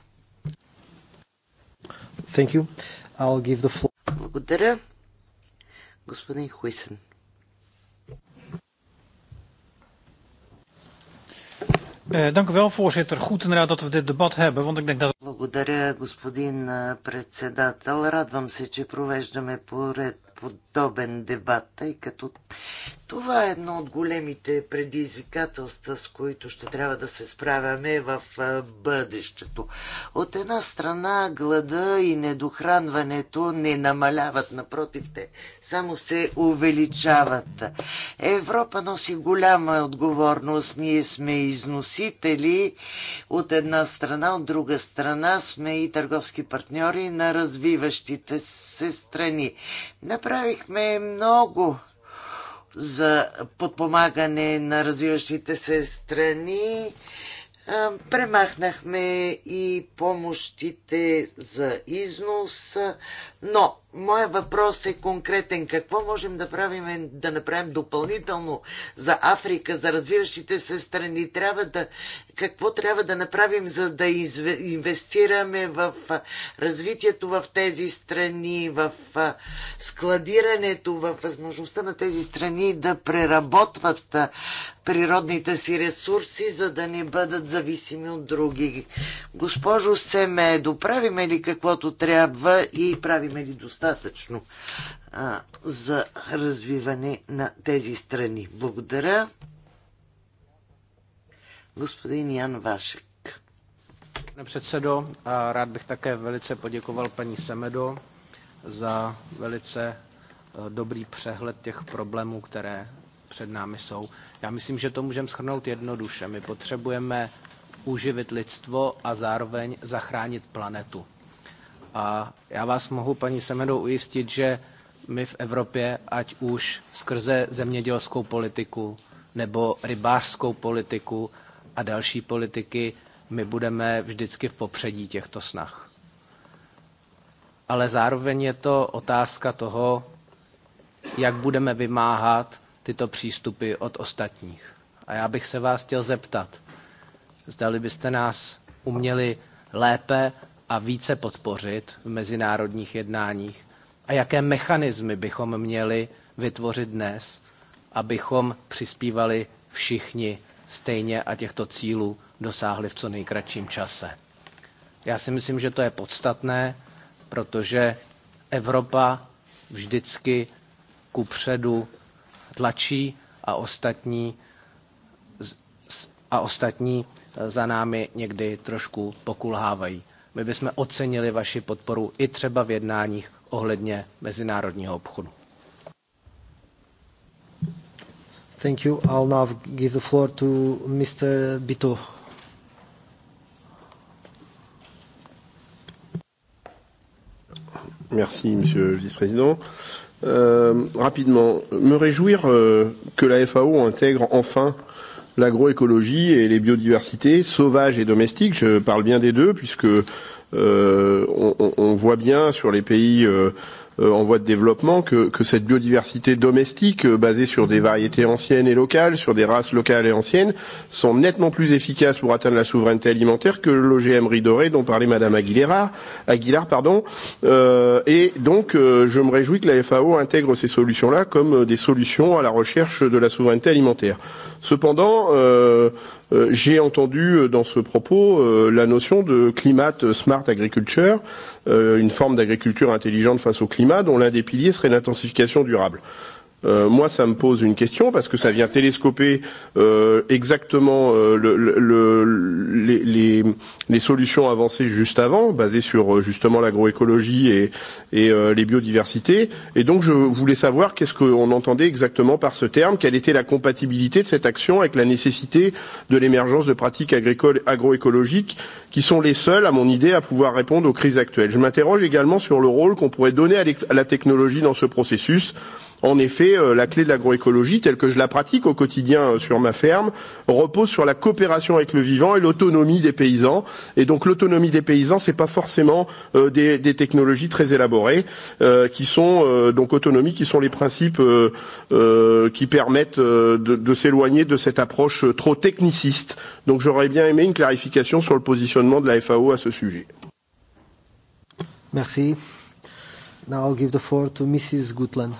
B: Thank you. I'll give the floor.
A: Благодаря. Господин Хуисен. Благодаря, господин eh, председател. Радвам се, че провеждаме поред подобен дебат, тъй като това е едно от големите предизвикателства, с които ще трябва да се справяме в бъдещето. От една страна глада и недохранването не намаляват, напротив те, само се увеличават. Европа носи голяма отговорност. Ние сме износители от една страна, от друга страна сме и търговски партньори на развиващите се страни. Направихме много за подпомагане на развиващите се страни. Премахнахме и помощите за износ, но моят въпрос е конкретен. Какво можем да правим, да направим допълнително за Африка, за развиващите се страни? Трябва да, какво трябва да направим, за да изв... инвестираме в развитието в тези страни, в складирането, в възможността на тези страни да преработват природните си ресурси, за да не бъдат зависими от други. Госпожо Семе, доправиме ли каквото трябва и правим направихме ли достатъчно а, за развиване на тези
E: страни. Благодаря. Господин Ян Вашек. Pane předsedo, rád bych také velice poděkoval paní Semedo za velice dobrý přehled těch problémů, které před námi jsou. Já myslím, že to můžeme schrnout jednoduše. My potřebujeme uživit lidstvo a zároveň zachránit planetu. A já vás mohu, paní Semedo, ujistit, že my v Evropě, ať už skrze zemědělskou politiku nebo rybářskou politiku a další politiky, my budeme vždycky v popředí těchto snah. Ale zároveň je to otázka toho, jak budeme vymáhat tyto přístupy od ostatních. A já bych se vás chtěl zeptat, zdali byste nás uměli lépe a více podpořit v mezinárodních jednáních a jaké mechanismy bychom měli vytvořit dnes, abychom přispívali všichni stejně a těchto cílů dosáhli v co nejkratším čase. Já si myslím, že to je podstatné, protože Evropa vždycky ku předu tlačí a ostatní, a ostatní za námi někdy trošku pokulhávají my bychom ocenili vaši podporu i třeba v jednáních ohledně mezinárodního obchodu.
B: Thank you. I'll now give the floor to Mr. Bito.
F: Merci, Monsieur le Vice-président. Euh, rapidement, me réjouir euh, que la FAO intègre enfin euh, l'agroécologie et les biodiversités sauvages et domestiques. Je parle bien des deux puisque euh, on, on voit bien sur les pays euh, en voie de développement que, que cette biodiversité domestique euh, basée sur des variétés anciennes et locales, sur des races locales et anciennes, sont nettement plus efficaces pour atteindre la souveraineté alimentaire que l'OGM Ridoré dont parlait Madame Aguilera, Aguilar. Pardon. Euh, et donc euh, je me réjouis que la FAO intègre ces solutions-là comme des solutions à la recherche de la souveraineté alimentaire. Cependant, euh, euh, j'ai entendu dans ce propos euh, la notion de climat smart agriculture, euh, une forme d'agriculture intelligente face au climat dont l'un des piliers serait l'intensification durable euh, moi ça me pose une question parce que ça vient télescoper euh, exactement euh, le, le, les, les, les solutions avancées juste avant, basées sur justement l'agroécologie et, et euh, les biodiversités. Et donc je voulais savoir qu'est-ce qu'on entendait exactement par ce terme, quelle était la compatibilité de cette action avec la nécessité de l'émergence de pratiques agricoles agroécologiques qui sont les seules, à mon idée, à pouvoir répondre aux crises actuelles. Je m'interroge également sur le rôle qu'on pourrait donner à la technologie dans ce processus. En effet, la clé de l'agroécologie, telle que je la pratique au quotidien sur ma ferme, repose sur la coopération avec le vivant et l'autonomie des paysans. Et donc l'autonomie des paysans, ce n'est pas forcément euh, des, des technologies très élaborées, euh, qui sont euh, donc autonomies, qui sont les principes euh, euh, qui permettent euh, de, de s'éloigner de cette approche trop techniciste. Donc j'aurais bien aimé une clarification sur le positionnement de la FAO à ce sujet.
B: Merci. Now I'll give the floor to Mrs. Gutland.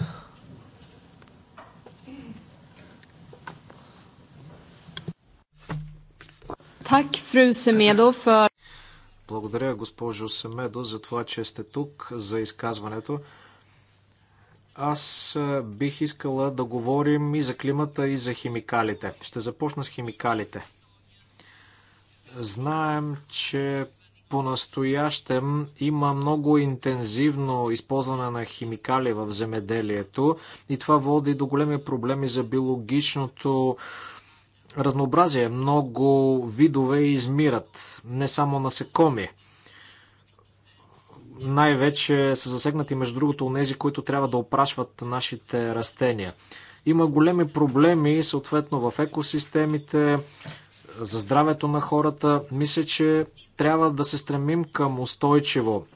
F: Так, фру
C: Семедо, фър...
D: Благодаря, госпожо Семедо, за това, че сте тук, за изказването. Аз бих искала да говорим и за климата, и за химикалите. Ще започна с химикалите. Знаем, че по-настоящем има много интензивно използване на химикали в земеделието и това води до големи проблеми за биологичното разнообразие. Много видове измират, не само насекоми. Най-вече са засегнати, между другото, от тези, които трябва да опрашват нашите растения. Има големи проблеми, съответно, в екосистемите, за здравето на хората. Мисля, че трябва да се стремим към устойчиво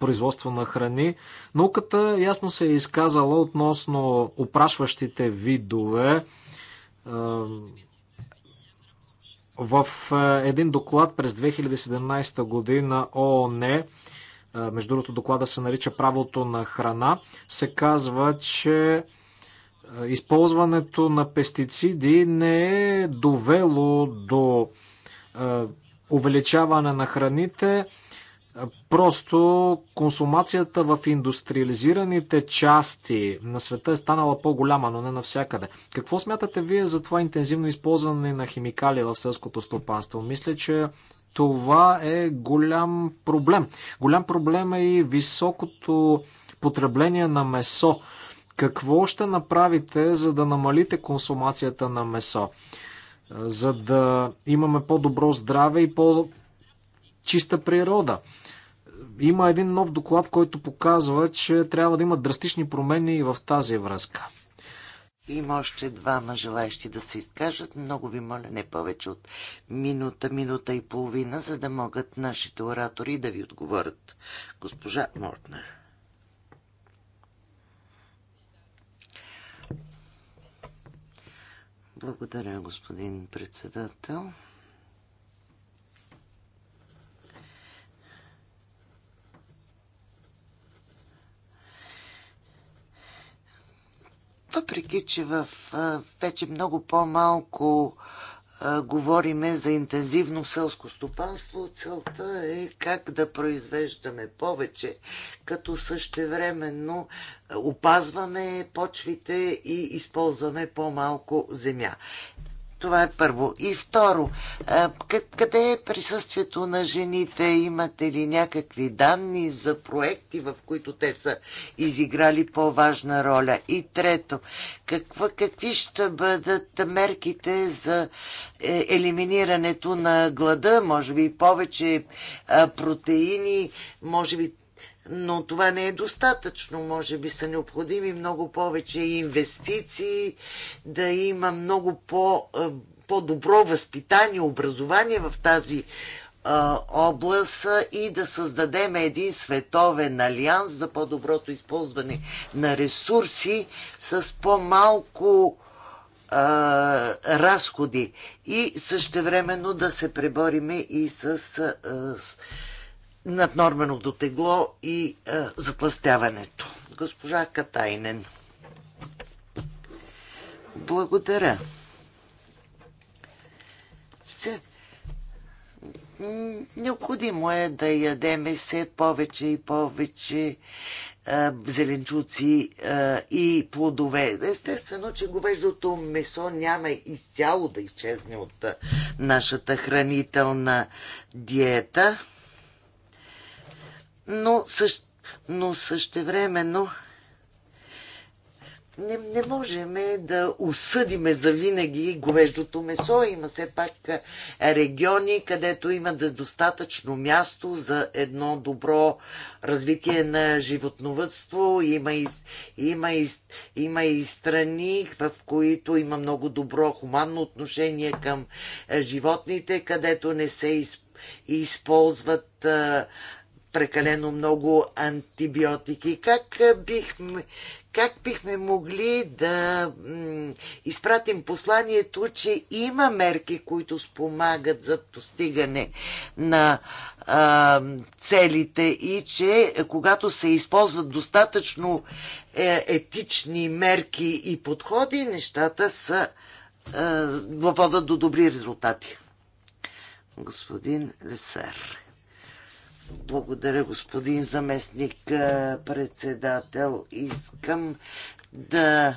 D: производство на храни. Науката ясно се е изказала относно опрашващите видове. В един доклад през 2017 година ООН, между другото доклада се нарича Правото на храна, се казва, че използването на пестициди не е довело до увеличаване на храните, Просто консумацията в индустриализираните части на света е станала по-голяма, но не навсякъде. Какво смятате вие за това интензивно използване на химикали в селското стопанство? Мисля, че това е голям проблем. Голям проблем е и високото потребление на месо. Какво ще направите, за да намалите консумацията на месо? За да имаме по-добро здраве и по чиста природа. Има един нов доклад, който показва, че трябва да има драстични промени и в тази връзка. Има още
A: двама желаящи да се изкажат. Много ви моля, не повече от минута, минута и половина, за да могат нашите оратори да ви отговорят. Госпожа Мортнер. Благодаря, господин председател. Въпреки, че в, вече много по-малко говориме за интензивно селско стопанство, целта е как да произвеждаме повече, като същевременно опазваме почвите и използваме по-малко земя. Това е първо. И второ, къде е присъствието на жените? Имате ли някакви данни за проекти, в които те са изиграли по-важна роля? И трето, каква, какви ще бъдат мерките за е, елиминирането на глада? Може би повече протеини, може би но това не е достатъчно. Може би са необходими много повече инвестиции, да има много по, по-добро възпитание, образование в тази област и да създадем един световен алианс за по-доброто използване на ресурси с по-малко разходи и същевременно да се пребориме и с, а, с наднорменото тегло и а, е, затластяването. Госпожа Катайнен. Благодаря. Все. Необходимо е да ядеме все повече и повече а, е, зеленчуци а, е, и плодове. Естествено, че говеждото месо няма изцяло да изчезне от а, нашата хранителна диета но, също, но същевременно не, не можем да осъдиме за винаги говеждото месо. Има все пак региони, където има достатъчно място за едно добро развитие на животновътство. Има и, има и, има и страни, в които има много добро хуманно отношение към животните, където не се използват използват а, прекалено много антибиотики. Как бихме, как бихме могли да изпратим посланието, че има мерки, които спомагат за постигане на а, целите и че когато се използват достатъчно е, етични мерки и подходи, нещата са е, водят до добри резултати. Господин Лесер. Благодаря, господин заместник председател. Искам да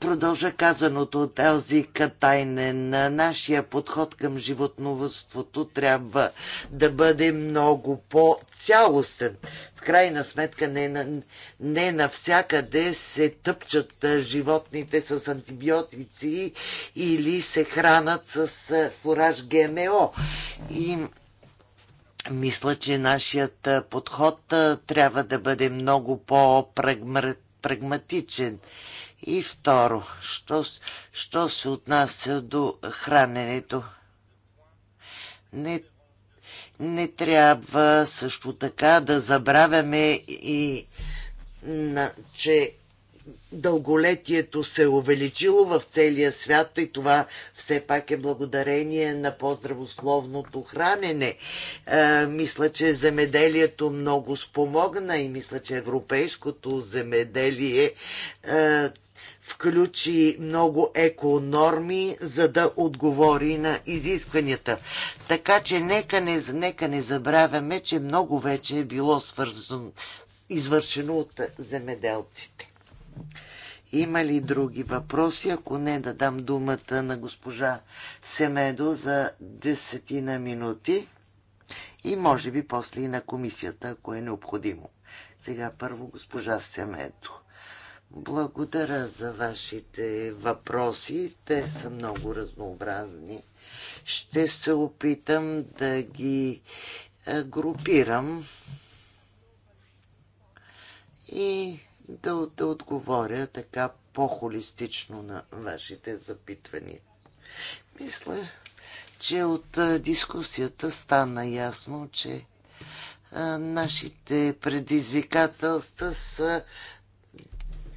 A: продължа казаното от Елзи Катайнен. Нашия подход към животновътството трябва да бъде много по-цялостен. В крайна сметка не, не навсякъде се тъпчат животните с антибиотици или се хранат с фураж ГМО. И мисля, че нашият подход трябва да бъде много по-прагматичен. И второ, що, що се отнася до храненето? Не, не трябва също така да забравяме и на, че дълголетието се е увеличило в целия свят и това все пак е благодарение на по-здравословното хранене. Е, мисля, че земеделието много спомогна и мисля, че европейското земеделие е, включи много еконорми, за да отговори на изискванията. Така че нека не, нека не забравяме, че много вече е било свързано, извършено от земеделците. Има ли други въпроси? Ако не, да дам думата на госпожа Семедо за десетина минути и може би после и на комисията, ако е необходимо. Сега първо госпожа Семедо. Благодаря за вашите въпроси. Те са много разнообразни. Ще се опитам да ги е, групирам и да, да отговоря така по-холистично на вашите запитвания. Мисля, че от дискусията стана ясно, че нашите предизвикателства са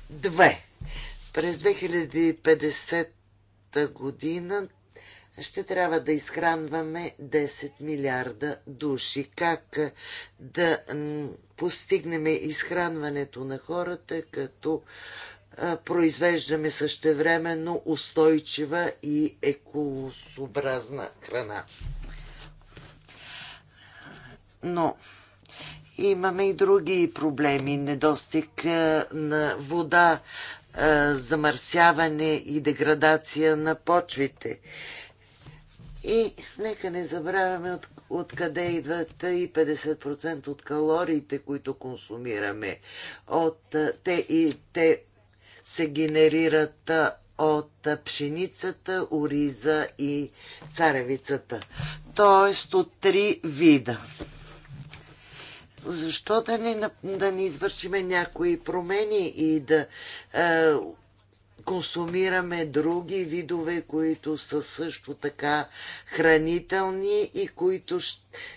A: две. През 2050 година ще трябва да изхранваме 10 милиарда души. Как да постигнем изхранването на хората, като произвеждаме същевременно устойчива и екосообразна храна. Но имаме и други проблеми. Недостиг на вода, замърсяване и деградация на почвите. И нека не забравяме от откъде идват и 50% от калориите, които консумираме. От, те, и, те се генерират от пшеницата, ориза и царевицата. Тоест от три вида. Защо да не, да не извършиме някои промени и да е, консумираме други видове, които са също така хранителни и които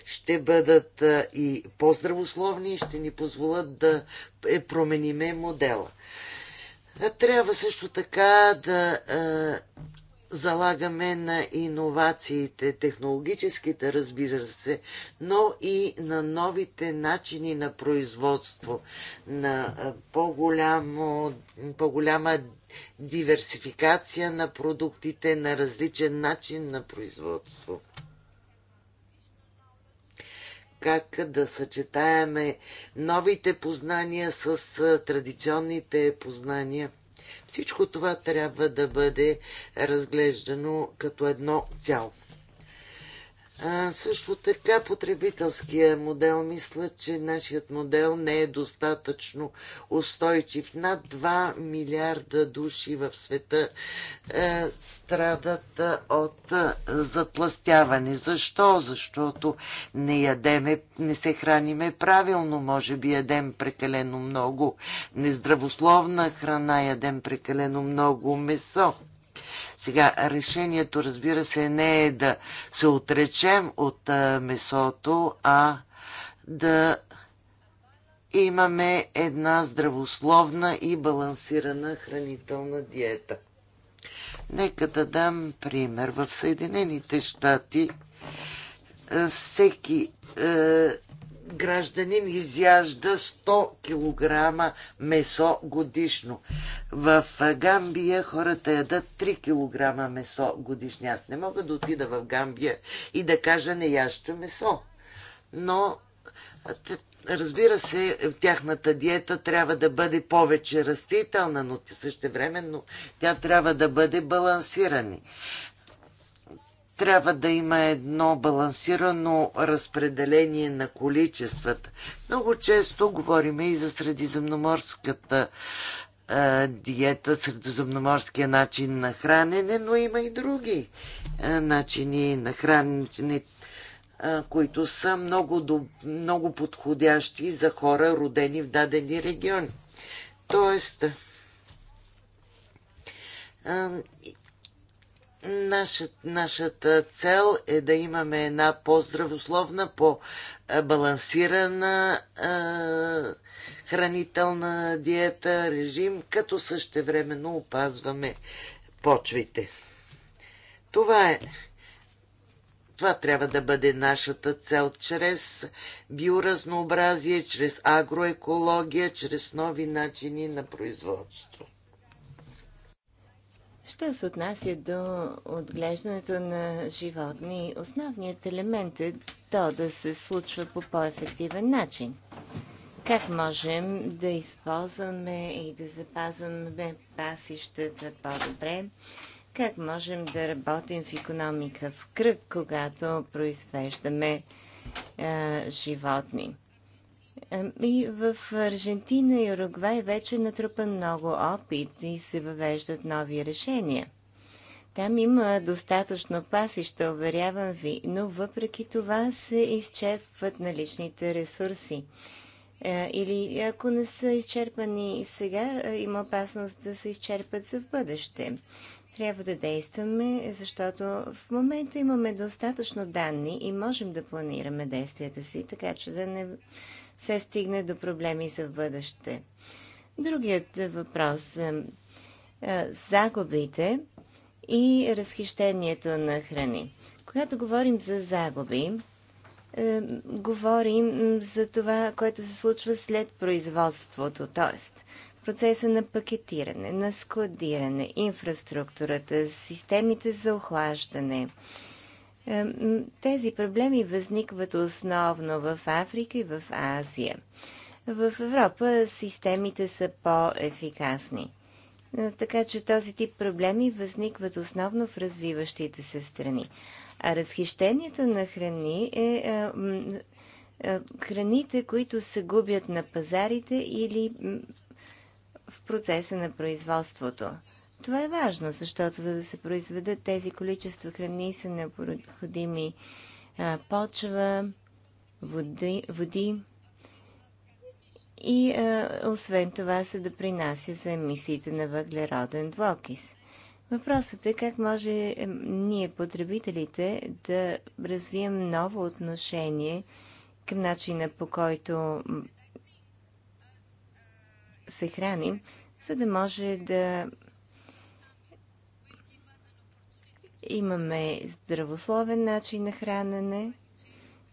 A: ще бъдат и по-здравословни и ще ни позволят да е, промениме модела. Трябва също така да залагаме на иновациите, технологическите, разбира се, но и на новите начини на производство, на по-голямо, по-голяма диверсификация на продуктите, на различен начин на производство. Как да съчетаеме новите познания с традиционните познания – всичко това трябва да бъде разглеждано като едно цяло. А, също така потребителския модел. Мисля, че нашият модел не е достатъчно устойчив. Над 2 милиарда души в света е, страдат е, от е, затластяване. Защо? Защото не ядеме, не се храниме правилно. Може би ядем прекалено много нездравословна храна, ядем прекалено много месо. Сега, решението, разбира се, не е да се отречем от месото, а да имаме една здравословна и балансирана хранителна диета. Нека да дам пример. В Съединените щати всеки гражданин изяжда 100 кг месо годишно. В Гамбия хората ядат 3 кг месо годишно. Аз не мога да отида в Гамбия и да кажа не ящо месо. Но Разбира се, тяхната диета трябва да бъде повече растителна, но също времено тя трябва да бъде балансирани трябва да има едно балансирано разпределение на количествата. Много често говорим и за средиземноморската е, диета, средиземноморския начин на хранене, но има и други е, начини на хранене, е, които са много, до, много подходящи за хора, родени в дадени региони. Тоест, Нашата, нашата цел е да имаме една по-здравословна, по-балансирана е, хранителна диета, режим, като същевременно опазваме почвите. Това е. Това трябва да бъде нашата цел чрез биоразнообразие, чрез агроекология, чрез нови начини на производство.
C: Що се отнася до отглеждането на животни, основният елемент е то да се случва по по-ефективен начин. Как можем да използваме и да запазваме пасищата по-добре? Как можем да работим в економика в кръг, когато произвеждаме е, животни? И в Аржентина и Уругвай вече натрупа много опит и се въвеждат нови решения. Там има достатъчно пасища, уверявам ви, но въпреки това се изчерпват наличните ресурси. Е, или ако не са изчерпани сега, е, има опасност да се изчерпат за в бъдеще. Трябва да действаме, защото в момента имаме достатъчно данни и можем да планираме действията си, така че да не се стигне до проблеми за бъдеще. Другият въпрос е, е загубите и разхищението на храни. Когато говорим за загуби, е, говорим за това, което се случва след производството, т.е. процеса на пакетиране, на складиране, инфраструктурата, системите за охлаждане – тези проблеми възникват основно в Африка и в Азия. В Европа системите са по-ефикасни. Е, така че този тип проблеми възникват основно в развиващите се страни. А разхищението на храни е, е храните, които се губят на пазарите или в процеса на производството. Това е важно, защото за да се произведат тези количества храни са необходими а, почва, води, води и а, освен това се допринася за емисиите на въглероден двокис. Въпросът е как може ние, потребителите, да развием ново отношение към начина по който се храним, за да може да Имаме здравословен начин на хранене,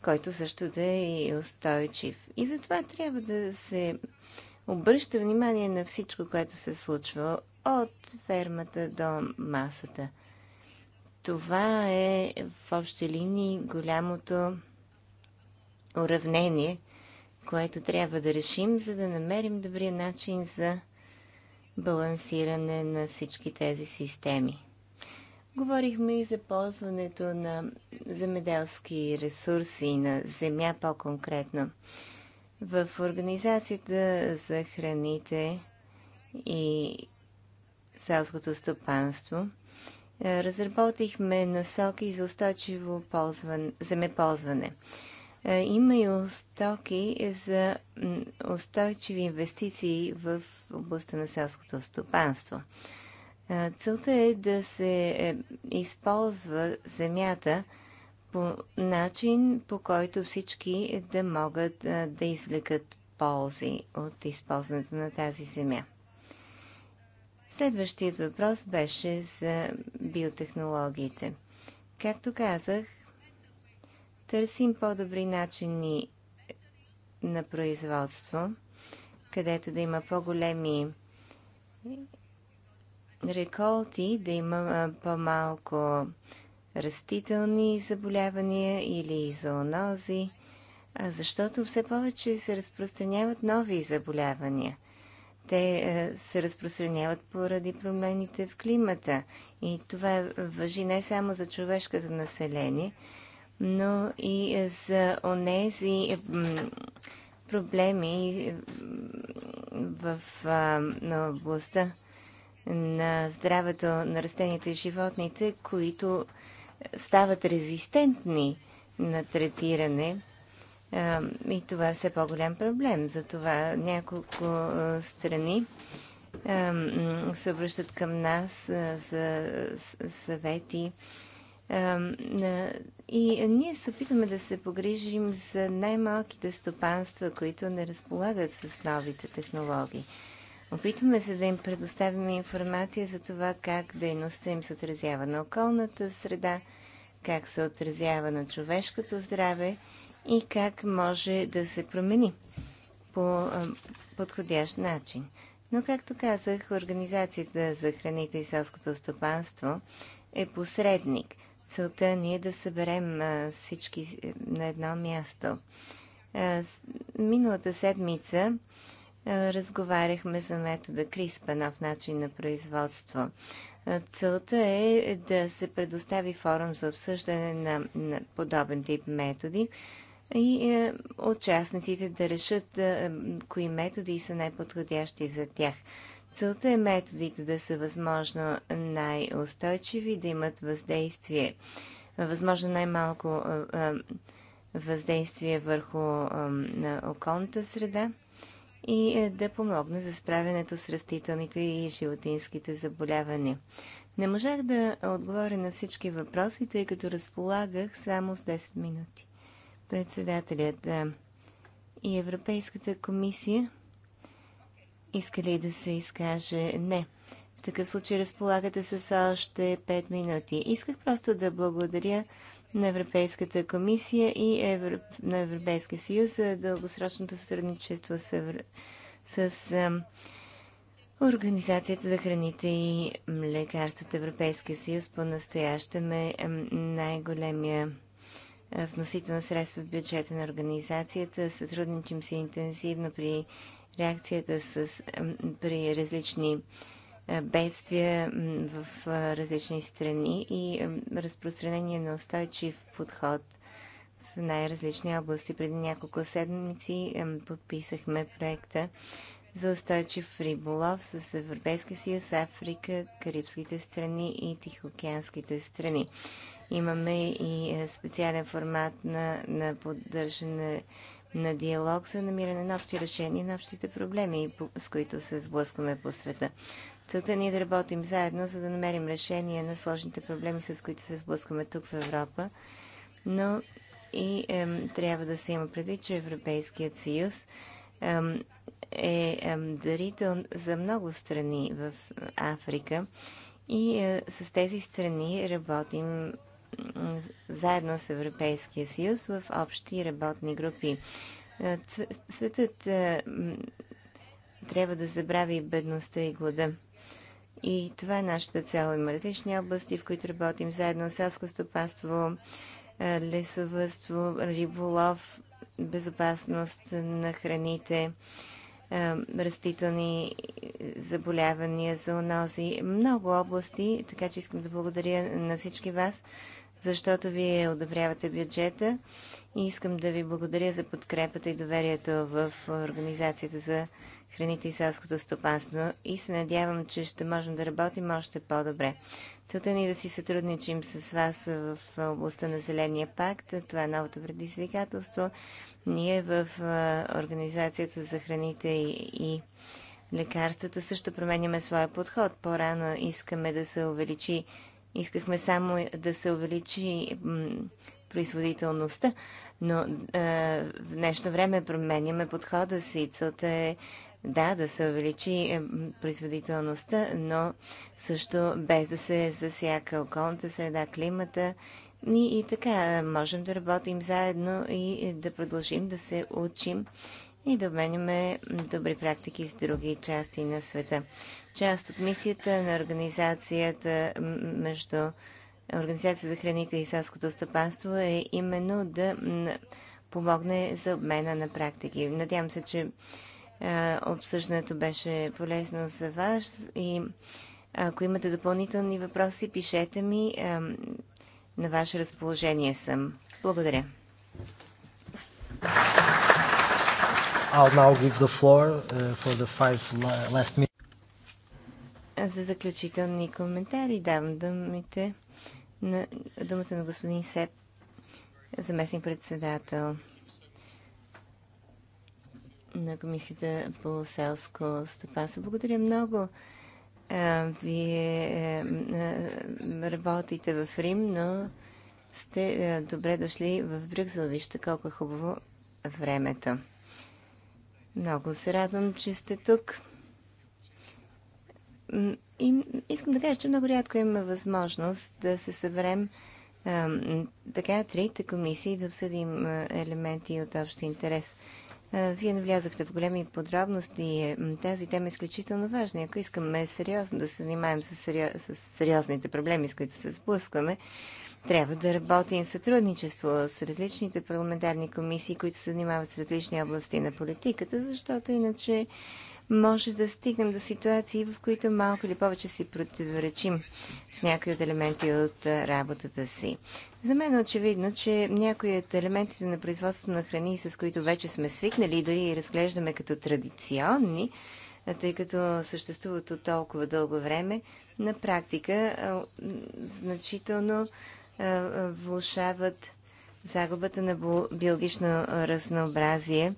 C: който също да е устойчив. И затова трябва да се обръща внимание на всичко, което се случва от фермата до масата. Това е в общи линии голямото уравнение, което трябва да решим, за да намерим добрия начин за балансиране на всички тези системи. Говорихме и за ползването на земеделски ресурси, на земя по-конкретно. В Организацията за храните и селското стопанство е, разработихме насоки за устойчиво ползван, земеползване. Е, има и устоки за устойчиви инвестиции в областта на селското стопанство. Целта е да се е, използва земята по начин, по който всички да могат да извлекат ползи от използването на тази земя. Следващият въпрос беше за биотехнологиите. Както казах, търсим по-добри начини на производство, където да има по-големи реколти, да има по-малко растителни заболявания или зоонози, защото все повече се разпространяват нови заболявания. Те е, се разпространяват поради промените в климата и това въжи не само за човешкото население, но и за онези е, проблеми е, в областта на здравето на растенията и животните, които стават резистентни на третиране. И това е все по-голям проблем. Затова няколко страни се обръщат към нас за съвети. И ние се опитваме да се погрижим за най-малките стопанства, които не разполагат с новите технологии. Опитваме се да им предоставим информация за това как дейността им се отразява на околната среда, как се отразява на човешкото здраве и как може да се промени по подходящ начин. Но, както казах, Организацията за храните и селското стопанство е посредник. Целта ни е да съберем всички е, на едно място. Миналата седмица е, разговаряхме за метода CRISPR, нов начин на производство. Е, целта е да се предостави форум за обсъждане на, на подобен тип методи и е, участниците да решат е, кои методи са най-подходящи за тях. Целта е методите да са възможно най-устойчиви, да имат въздействие, възможно най-малко е, е въздействие върху околната среда и е, да помогне за справянето с растителните и животинските заболявания. Не можах да отговоря на всички въпроси, тъй като разполагах само с 10 минути. Председателят и Европейската комисия искали да се изкаже? Не. В такъв случай разполагате с още 5 минути. Исках просто да благодаря на Европейската комисия и Евро... на Европейския съюз за дългосрочното сътрудничество с, Евро... с а, Организацията за храните и лекарствата Европейския съюз по-настоящем е най-големия вносител на средства в бюджета на организацията. Сътрудничим се интензивно при реакцията с, при различни е, бедствия в различни страни и разпространение на устойчив подход в най-различни области. Преди няколко седмици подписахме проекта за устойчив риболов с Европейския съюз, Африка, Карибските страни и Тихоокеанските страни. Имаме и е, специален формат на, на поддържане на диалог за намиране на общи решения на общите проблеми, с които се сблъскваме по света. Целта ни е да работим заедно, за да намерим решение на сложните проблеми, с които се сблъскваме тук в Европа. Но и е, трябва да се има предвид, че Европейският съюз е, е дарител за много страни в Африка и е, с тези страни работим заедно с Европейския съюз в общи работни групи. Е, светът е, трябва да забрави бедността и глада. И това е нашата цел. Има различни области, в които работим заедно. Селско стопанство, е, лесовътство, риболов, безопасност на храните, е, растителни заболявания, зоонози. Много области, така че искам да благодаря на всички вас, защото вие одобрявате бюджета и искам да ви благодаря за подкрепата и доверието в Организацията за храните и селското стопанство и се надявам, че ще можем да работим още по-добре. Целта ни е да си сътрудничим с вас в областта на Зеления пакт. Това е новото предизвикателство. Ние в Организацията за храните и, и лекарствата също променяме своя подход. По-рано искаме да се увеличи Искахме само да се увеличи производителността. Но а, е, в днешно време променяме подхода си. Целта е да, да се увеличи е, производителността, но също без да се засяка околната среда, климата и, и така е, можем да работим заедно и да продължим да се учим и да обменяме добри практики с други части на света. Част от мисията на организацията между Организация за храните и селското стопанство е именно да помогне за обмена на практики. Надявам се, че обсъждането беше полезно за вас и ако имате допълнителни въпроси, пишете ми. На ваше разположение съм. Благодаря.
B: I'll now give the floor uh, for the five last
C: За заключителни коментари давам думите на думата на господин Сеп, заместник председател на Комисията по селско стопанство. Благодаря много. Вие работите в Рим, но сте добре дошли в Брюксел. Вижте колко е хубаво времето. Много се радвам, че сте тук. И искам да кажа, че много рядко имаме възможност да се съберем така трите комисии да обсъдим елементи от общ интерес. вие навлязохте в големи подробности. Тази тема е изключително важна. Ако искаме сериозно да се занимаем с сериозните проблеми, с които се сблъскваме, трябва да работим в сътрудничество с различните парламентарни комисии, които се занимават с различни области на политиката, защото иначе може да стигнем до ситуации, в които малко или повече си противоречим в някои от елементи от работата си. За мен е очевидно, че някои от елементите на производството на храни, с които вече сме свикнали и дори разглеждаме като традиционни, тъй като съществуват от толкова дълго време, на практика значително влушават загубата на биологично разнообразие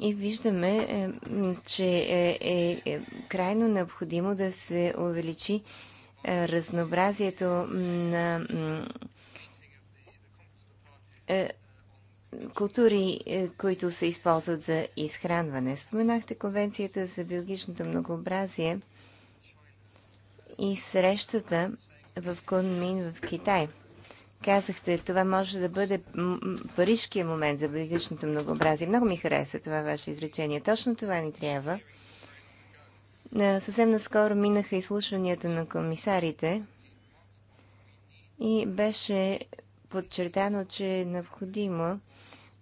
C: и виждаме, е, че е, е, е крайно необходимо да се увеличи е, разнообразието на е, култури, които се използват за изхранване. Споменахте Конвенцията за биологичното многообразие и срещата в Кунмин в Китай – казахте, това може да бъде парижкия момент за биологичното многообразие. Много ми хареса това ваше изречение. Точно това ни трябва. Съвсем наскоро минаха изслушванията на комисарите и беше подчертано, че е необходимо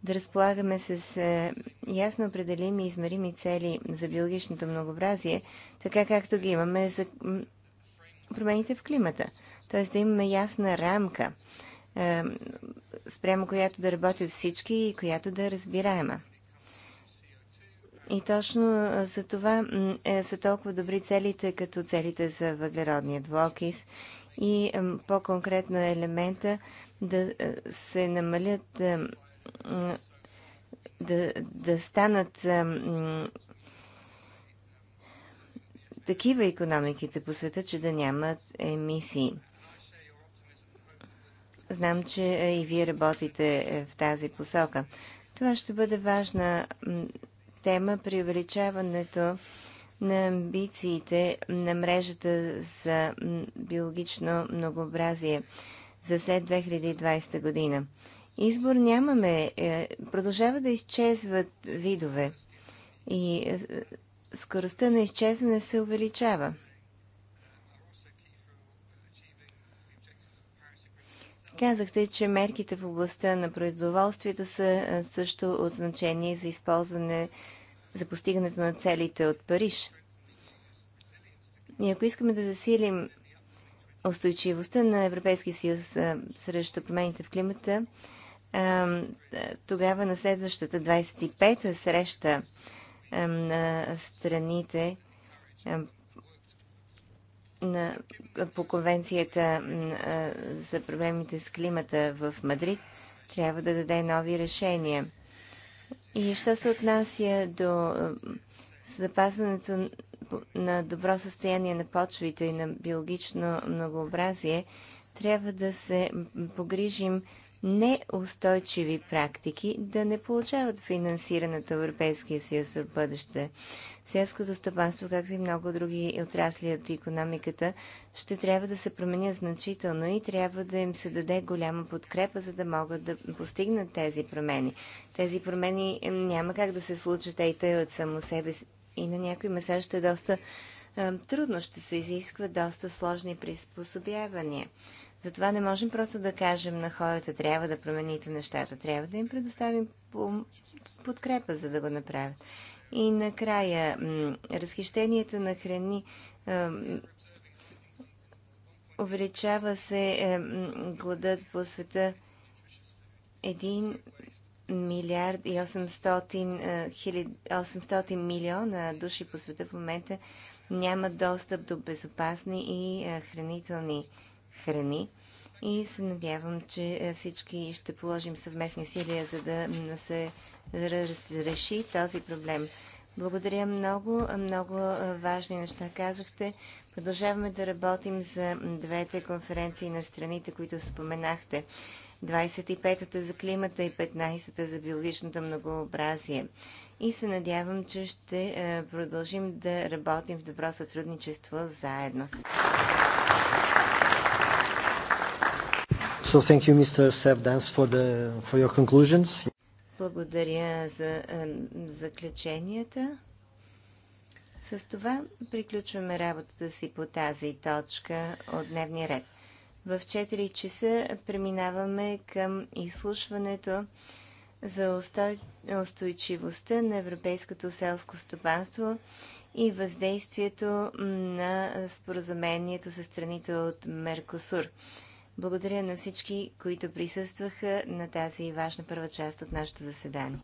C: да разполагаме с е, ясно определими и измерими цели за биологичното многообразие, така както ги имаме за промените в климата. Т.е. да имаме ясна рамка, спрямо която да работят всички и която да е разбираема. И точно за това е, са толкова добри целите, като целите за въглеродния двокис и по-конкретно елемента да се намалят, да, да станат такива економиките по света, че да нямат емисии. Знам, че и вие работите е, в тази посока. Това ще бъде важна тема при увеличаването на амбициите на мрежата за биологично многообразие за след 2020 година. Избор нямаме. Е, продължава да изчезват видове и е, скоростта на изчезване се увеличава. Казахте, че мерките в областта на производството са също от значение за използване, за постигането на целите от Париж. И ако искаме да засилим устойчивостта на Европейския съюз срещу промените в климата, тогава на следващата 25-та среща на страните на, по конвенцията за проблемите с климата в Мадрид трябва да даде нови решения. И що се отнася до запазването на добро състояние на почвите и на биологично многообразие, трябва да се погрижим неустойчиви практики да не получават финансирането Европейския съюз в бъдеще. Селското стопанство, както и много други отрасли от економиката, ще трябва да се променят значително и трябва да им се даде голяма подкрепа, за да могат да постигнат тези промени. Тези промени няма как да се случат и те от само себе си. И на някои места ще е доста трудно, ще се изисква доста сложни приспособявания. Затова не можем просто да кажем на хората, трябва да промените нещата, трябва да им предоставим подкрепа, за да го направят. И накрая, разхищението на храни увеличава се гладът по света 1 милиард и 800, 800 милиона души по света в момента нямат достъп до безопасни и хранителни храни. И се надявам, че е, всички ще положим съвместни усилия, за да се разреши този проблем. Благодаря много. Много е, важни неща казахте. Продължаваме да работим за двете конференции на страните, които споменахте. 25-та за климата и 15-та за биологичното многообразие. И се надявам, че ще е, продължим да работим в добро сътрудничество заедно.
B: So thank you, Mr. for, the, for your conclusions.
C: Благодаря за заключенията. С това приключваме работата си по тази точка от дневния ред. В 4 часа преминаваме към изслушването за устой... устойчивостта на европейското селско стопанство и въздействието на споразумението с страните от Меркосур. Благодаря на всички, които присъстваха на тази важна първа част от нашето заседание.